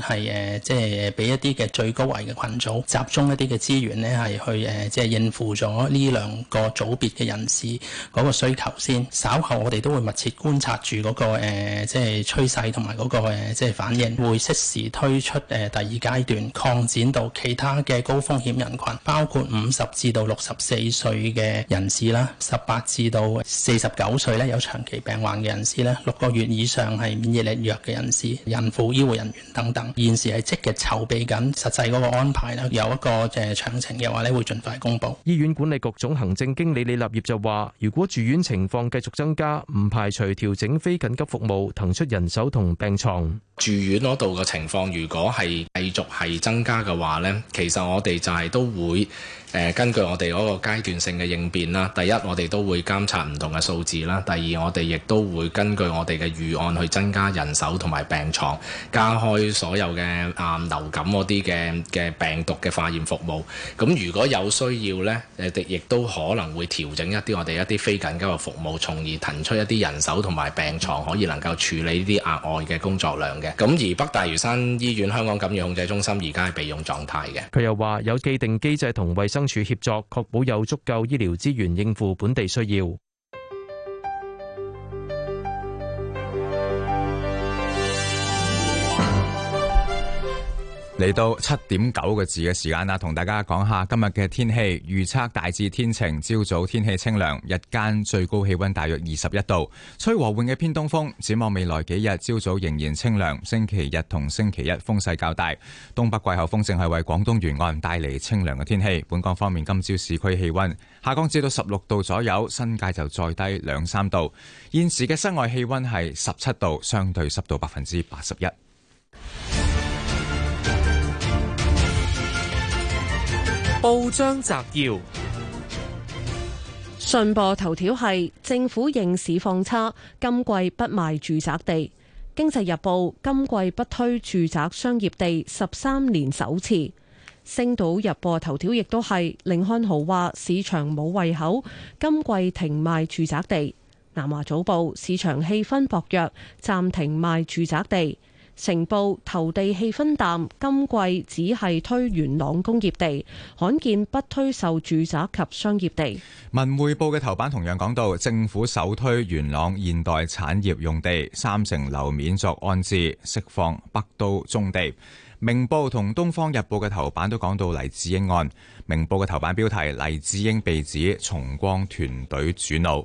係誒，即係俾一啲嘅最高危嘅群組集中一啲嘅資源咧，係去誒，即係應付咗呢兩個組別嘅人士嗰個需求先。稍後我哋都會密切觀察住嗰個誒，即係趨勢同埋嗰個誒，即係反應，會適時推出誒第二階段擴展到其他嘅高風險人群，包括五十至到六十四歲嘅人士啦，十八至到四十九歲咧有長期病患嘅人士啦，六個月以上係免疫力弱嘅人士、孕婦、醫護人員等等。現時係積極籌備緊實際嗰個安排啦，有一個誒詳情嘅話咧，會盡快公布。醫院管理局總行政經理李立業就話，如果住院情況繼續增加，唔排除調整非緊急服務，騰出人手同病床。住院嗰度嘅情況，如果係繼續係增加嘅話咧，其實我哋就係都會誒、呃、根據我哋嗰個階段性嘅應變啦。第一，我哋都會監察唔同嘅數字啦；第二，我哋亦都會根據我哋嘅預案去增加人手同埋病床，加開所有嘅啊流感嗰啲嘅嘅病毒嘅化驗服務。咁如果有需要咧，誒亦都可能會調整一啲我哋一啲非緊急嘅服務，從而騰出一啲人手同埋病床，可以能夠處理呢啲額外嘅工作量嘅。咁而北大嶼山醫院香港感染控制中心而家係備用狀態嘅。佢又話有既定機制同衛生署協作，確保有足夠醫療資源應付本地需要。嚟到七點九個字嘅時間啦，啊，同大家講下今日嘅天氣預測，大致天晴，朝早天氣清涼，日間最高氣溫大約二十一度，吹和緩嘅偏東風。展望未來幾日，朝早仍然清涼，星期日同星期一風勢較大，東北季候風正係為廣東沿岸帶嚟清涼嘅天氣。本港方面，今朝市區氣溫下降至到十六度左右，新界就再低兩三度。現時嘅室外氣溫係十七度，相對濕度百分之八十一。報章摘要：信報頭條係政府認市況差，今季不賣住宅地。經濟日報，今季不推住宅商業地，十三年首次。星島日報頭條亦都係，甯漢豪話市場冇胃口，今季停賣住宅地。南華早報，市場氣氛薄弱，暫停賣住宅地。成報投地氣氛淡，今季只係推元朗工業地，罕見不推售住宅及商業地。文匯報嘅頭版同樣講到，政府首推元朗現代產業用地，三成樓面作安置釋放北都中地。明報同東方日報嘅頭版都講到黎智英案。明報嘅頭版標題：黎智英被指重光團隊主腦。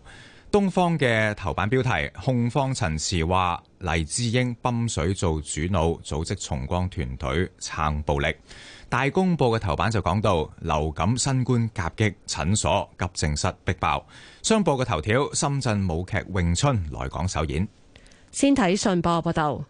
東方嘅頭版標題：控方陳詞話。黎智英泵水做主腦，組織重光團隊撐暴力。大公報嘅頭版就講到流感新冠夾擊診所，急症室逼爆。商報嘅頭條：深圳舞劇詠春來港首演。先睇信報報道，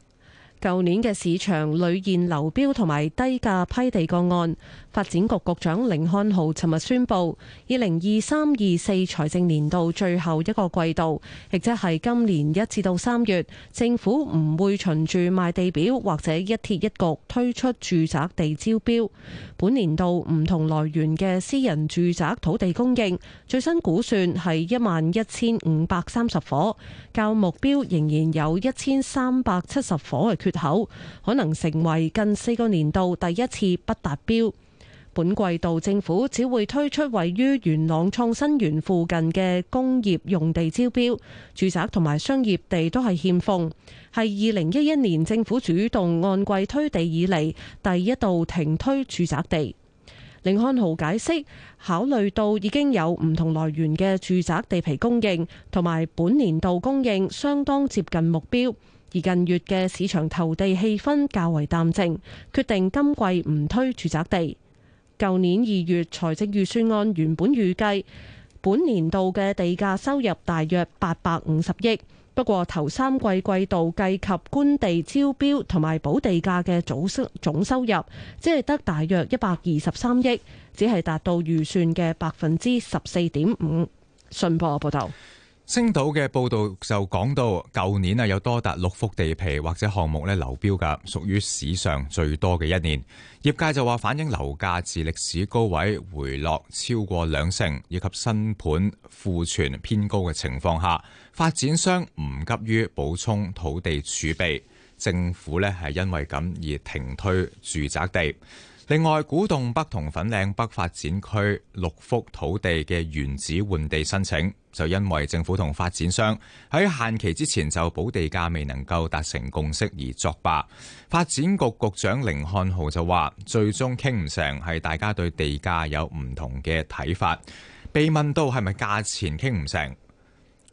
舊年嘅市場屢現流標同埋低價批地個案。發展局局長甯漢豪尋日宣布，二零二三二四財政年度最後一個季度，亦即係今年一至到三月，政府唔會循住賣地表或者一鐵一局推出住宅地招標。本年度唔同來源嘅私人住宅土地供應，最新估算係一萬一千五百三十伙，較目標仍然有一千三百七十伙嘅缺口，可能成為近四個年度第一次不達標。本季度政府只會推出位於元朗創新園附近嘅工業用地招標，住宅同埋商業地都係欠奉，係二零一一年政府主動按季推地以嚟第一度停推住宅地。甯漢豪解釋，考慮到已經有唔同來源嘅住宅地皮供應，同埋本年度供應相當接近目標，而近月嘅市場投地氣氛較為淡靜，決定今季唔推住宅地。舊年二月財政預算案原本預計本年度嘅地價收入大約八百五十億，不過頭三季季度計及官地招標同埋補地價嘅總收總收入只，只係得大約一百二十三億，只係達到預算嘅百分之十四點五。信報報道。星島嘅報道就講到，舊年啊有多達六幅地皮或者項目咧流標噶，屬於史上最多嘅一年。業界就話反映樓價自歷史高位回落超過兩成，以及新盤庫存偏高嘅情況下，發展商唔急於補充土地儲備，政府呢係因為咁而停推住宅地。另外，古洞北同粉嶺北發展區六幅土地嘅原址換地申請，就因為政府同發展商喺限期之前就補地價未能夠達成共識而作罷。發展局局長甯漢豪就話：最終傾唔成係大家對地價有唔同嘅睇法。被問到係咪價錢傾唔成？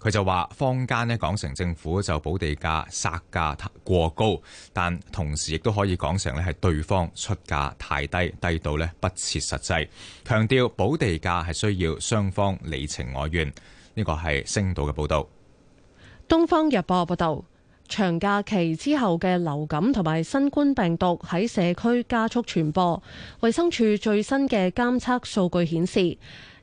佢就話：坊間咧講成政府就補地價殺價過高，但同時亦都可以講成咧係對方出價太低，低到咧不切實際。強調補地價係需要雙方你情我願。呢個係星島嘅報導。《東方日報》報道：長假期之後嘅流感同埋新冠病毒喺社區加速傳播。衞生署最新嘅監測數據顯示。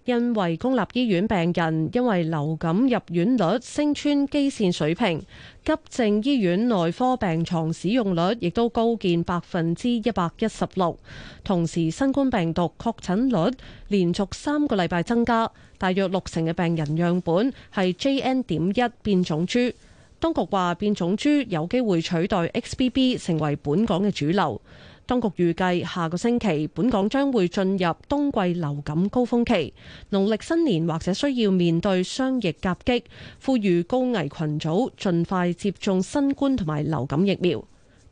因為公立醫院病人因為流感入院率升穿基線水平，急症醫院內科病床使用率亦都高見百分之一百一十六。同時，新冠病毒確診率連續三個禮拜增加，大約六成嘅病人樣本係 JN 點一變種株。當局話變種株有機會取代 XBB 成為本港嘅主流。當局預計下個星期，本港將會進入冬季流感高峰期。農曆新年或者需要面對雙疫夾擊，呼籲高危群組盡快接種新冠同埋流感疫苗。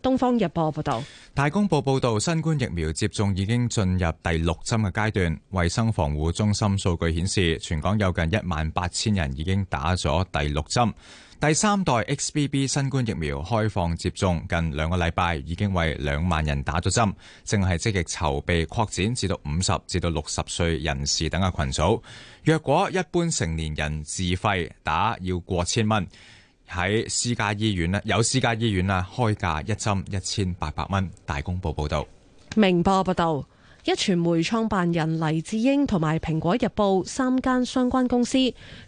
東方日報報道，大公報報道，新冠疫苗接種已經進入第六針嘅階段。衛生防護中心數據顯示，全港有近一萬八千人已經打咗第六針。第三代 XBB 新冠疫苗開放接種近兩個禮拜，已經為兩萬人打咗針，正係積極籌備擴展至到五十至到六十歲人士等嘅群組。若果一般成年人自費打要過千蚊，喺私家醫院咧有私家醫院啦，開價一針一千八百蚊。大公報報道，明報報道。一傳媒創辦人黎智英同埋蘋果日報三間相關公司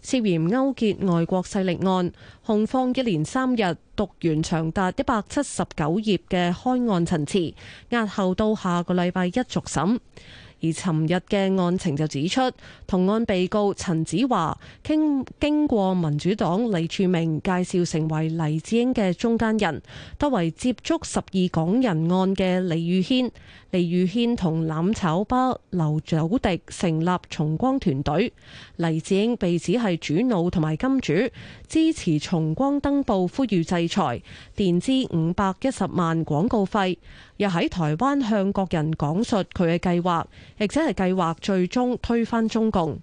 涉嫌勾結外國勢力案，控方一連三日讀完長達一百七十九頁嘅開案陳詞，押後到下個禮拜一續審。而尋日嘅案情就指出，同案被告陳子華經經過民主黨李柱銘介紹成為黎智英嘅中間人，多為接觸十二港人案嘅李宇軒。李宇軒同攬炒巴劉祖迪成立重光團隊，黎智英被指係主腦同埋金主，支持重光登報，呼籲制裁，墊資五百一十萬廣告費，又喺台灣向國人講述佢嘅計劃。亦即係計劃最終推翻中共。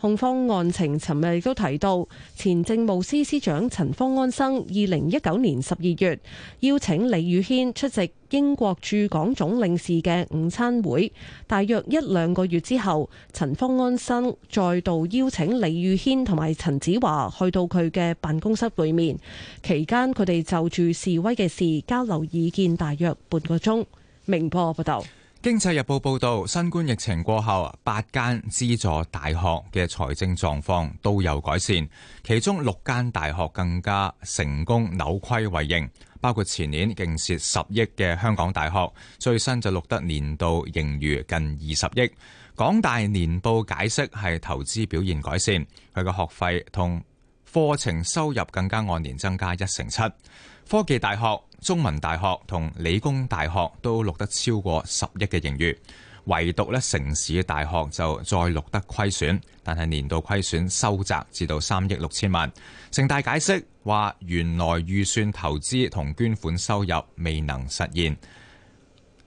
控方案情，尋日亦都提到，前政務司司長陳方安生二零一九年十二月邀請李宇軒出席英國駐港總領事嘅午餐會，大約一兩個月之後，陳方安生再度邀請李宇軒同埋陳梓華去到佢嘅辦公室裏面，期間佢哋就住示威嘅事交流意見，大約半個鐘。明報報道。經濟日報報道，新冠疫情過後，八間資助大學嘅財政狀況都有改善，其中六間大學更加成功扭虧為盈，包括前年勁蝕十億嘅香港大學，最新就錄得年度盈餘近二十億。港大年報解釋係投資表現改善，佢嘅學費同課程收入更加按年增加一成七。科技大學中文大學同理工大學都錄得超過十億嘅盈餘，唯獨咧城市嘅大學就再錄得虧損，但係年度虧損收窄至到三億六千萬。城大解釋話，原來預算投資同捐款收入未能實現。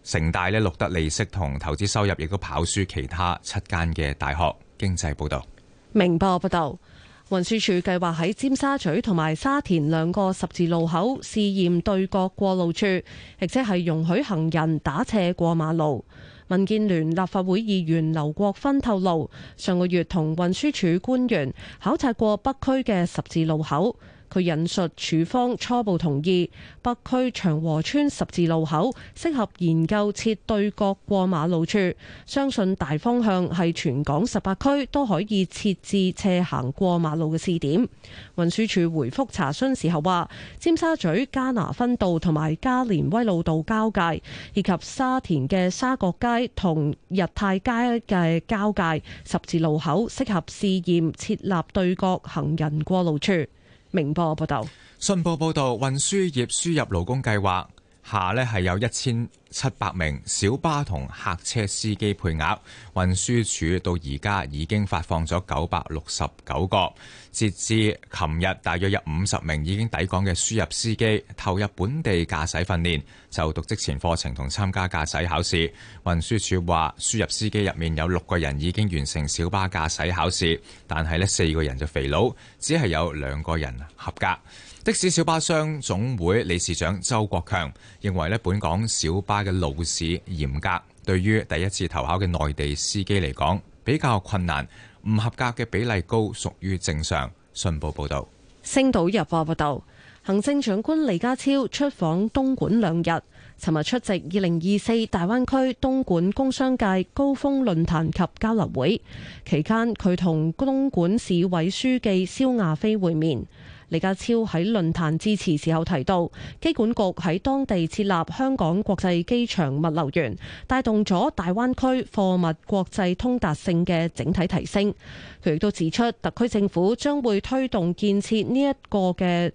城大咧錄得利息同投資收入，亦都跑輸其他七間嘅大學。經濟報道，明報報道。運輸署計劃喺尖沙咀同埋沙田兩個十字路口試驗對角過路處，亦即係容許行人打斜過馬路。民建聯立法會議員劉國勳透露，上個月同運輸署官員考察過北區嘅十字路口。佢引述署方初步同意，北區長和村十字路口適合研究設對角過馬路處，相信大方向係全港十八區都可以設置斜行過馬路嘅試點。運輸署回覆查詢時候話，尖沙咀加拿分道同埋加連威老道交界，以及沙田嘅沙角街同日泰街嘅交界十字路口，適合試驗設立對角行人過路處。明報報道，信報報道，運輸業輸入勞工計劃。下呢係有一千七百名小巴同客車司機配額，運輸署到而家已經發放咗九百六十九個。截至琴日，大約有五十名已經抵港嘅輸入司機投入本地駕駛訓練，就讀職前課程同參加駕駛考試。運輸署話，輸入司機入面有六個人已經完成小巴駕駛考試，但係呢四個人就肥佬，只係有兩個人合格。的士小巴商總會理事長周國強認為咧，本港小巴嘅路試嚴格，對於第一次投考嘅內地司機嚟講比較困難，唔合格嘅比例高，屬於正常。信報報道，星島日報報道，行政長官李家超出訪東莞兩日，尋日出席二零二四大灣區東莞工商界高峰論壇及交流會，期間佢同東莞市委書記肖亞非會面。李家超喺論壇致辭時候提到，機管局喺當地設立香港國際機場物流園帶動咗大灣區貨物國際通達性嘅整體提升。佢亦都指出，特區政府將會推動建設呢一個嘅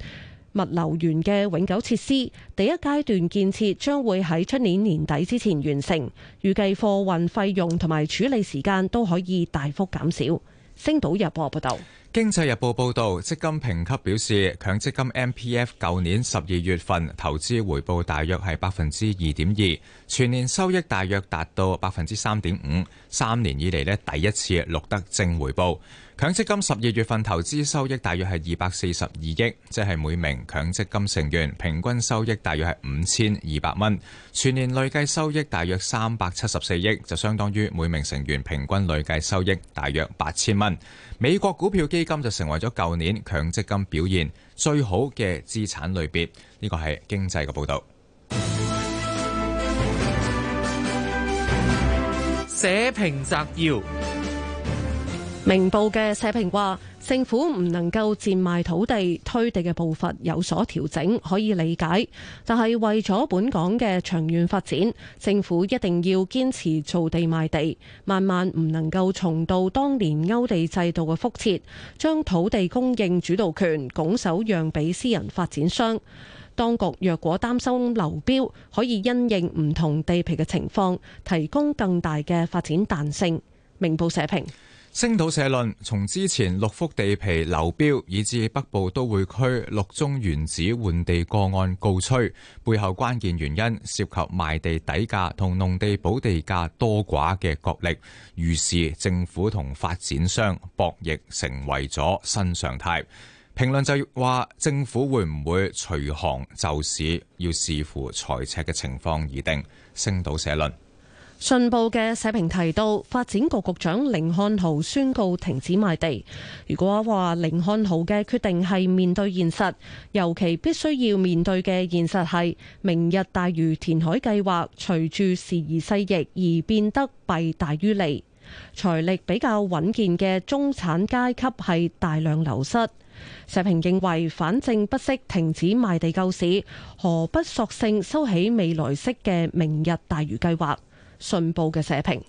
物流園嘅永久設施，第一階段建設將會喺出年年底之前完成，預計貨運費用同埋處理時間都可以大幅減少。星島日報報道，經濟日報報道，積金評級表示，強積金 M P F 舊年十二月份投資回報大約係百分之二點二，全年收益大約達到百分之三點五，三年以嚟呢第一次錄得正回報。強積金十二月份投資收益大約係二百四十二億，即係每名強積金成員平均收益大約係五千二百蚊。全年累計收益大約三百七十四億，就相當於每名成員平均累計收益大約八千蚊。美國股票基金就成為咗舊年強積金表現最好嘅資產類別。呢個係經濟嘅報道。社評摘要。明報嘅社評話，政府唔能夠賤賣土地，推地嘅步伐有所調整，可以理解。但係為咗本港嘅長遠發展，政府一定要堅持造地賣地，萬萬唔能夠重蹈當年勾地制度嘅覆轍，將土地供應主導權拱手讓俾私人發展商。當局若果擔心流標，可以因應唔同地皮嘅情況，提供更大嘅發展彈性。明報社評。星島社論：從之前六幅地皮流標，以至北部都會區六宗原址換地個案告吹，背後關鍵原因涉及賣地底價同農地補地價多寡嘅角力，於是政府同發展商博弈成為咗新常態。評論就話政府會唔會隨行就市，要視乎財赤嘅情況而定。星島社論。信報嘅社評提到，發展局局長甯漢豪宣告停止賣地。如果話甯漢豪嘅決定係面對現實，尤其必須要面對嘅現實係明日大嶼填海計劃隨住時而勢易而變得弊大於利，財力比較穩健嘅中產階級係大量流失。社評認為，反正不惜停止賣地救市，何不索性收起未來式嘅明日大嶼計劃？信報嘅社評。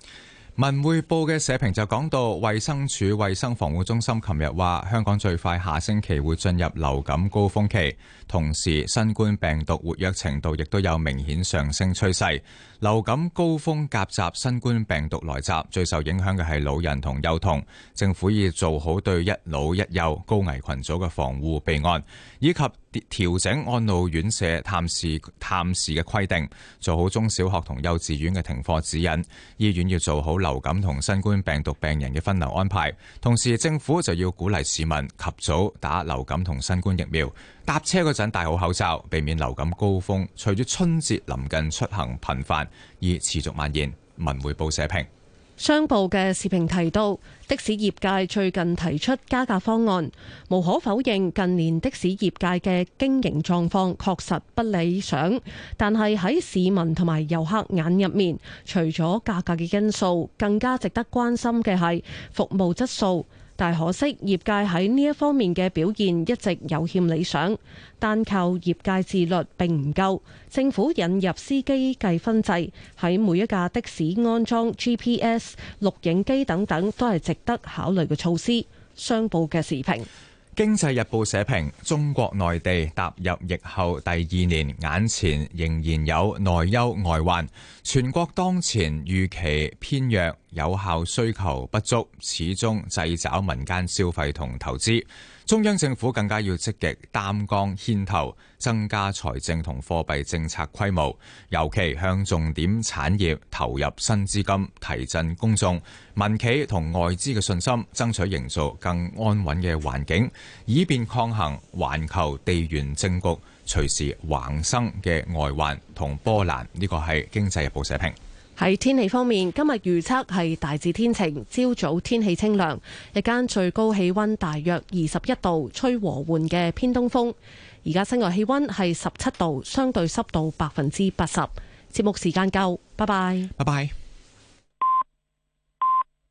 文匯報嘅社評就講到，衛生署衞生防護中心，琴日話，香港最快下星期會進入流感高峰期，同時新冠病毒活躍程度亦都有明顯上升趨勢。流感高峰夾雜新冠病毒來襲，最受影響嘅係老人同幼童。政府要做好對一老一幼高危群組嘅防護備案，以及調整安老院舍探視探視嘅規定，做好中小學同幼稚園嘅停課指引。醫院要做好流感同新冠病毒病人嘅分流安排。同時，政府就要鼓勵市民及早打流感同新冠疫苗。搭車嗰陣戴好口罩，避免流感高峰。隨住春節臨近，出行頻繁。而持續蔓延。文匯報社評，商報嘅視頻提到，的士業界最近提出加價方案，無可否認，近年的士業界嘅經營狀況確實不理想。但係喺市民同埋遊客眼入面，除咗價格嘅因素，更加值得關心嘅係服務質素。但可惜，業界喺呢一方面嘅表現一直有欠理想，單靠業界自律並唔夠，政府引入司機計分制，喺每一架的士安裝 GPS 錄影機等等，都係值得考慮嘅措施。商報嘅時評。經濟日報社評：中國內地踏入疫後第二年，眼前仍然有內憂外患。全國當前預期偏弱，有效需求不足，始終掣肘民間消費同投資。中央政府更加要積極擔綱牽頭，增加財政同貨幣政策規模，尤其向重點產業投入新資金，提振公眾、民企同外資嘅信心，爭取營造更安穩嘅環境，以便抗衡環球地緣政局隨時橫生嘅外患同波瀾。呢個係《經濟日報》社評。喺天氣方面，今日預測係大致天晴，朝早天氣清涼，日間最高氣溫大約二十一度，吹和緩嘅偏東風。而家室外氣溫係十七度，相對濕度百分之八十。節目時間夠，拜拜，拜拜。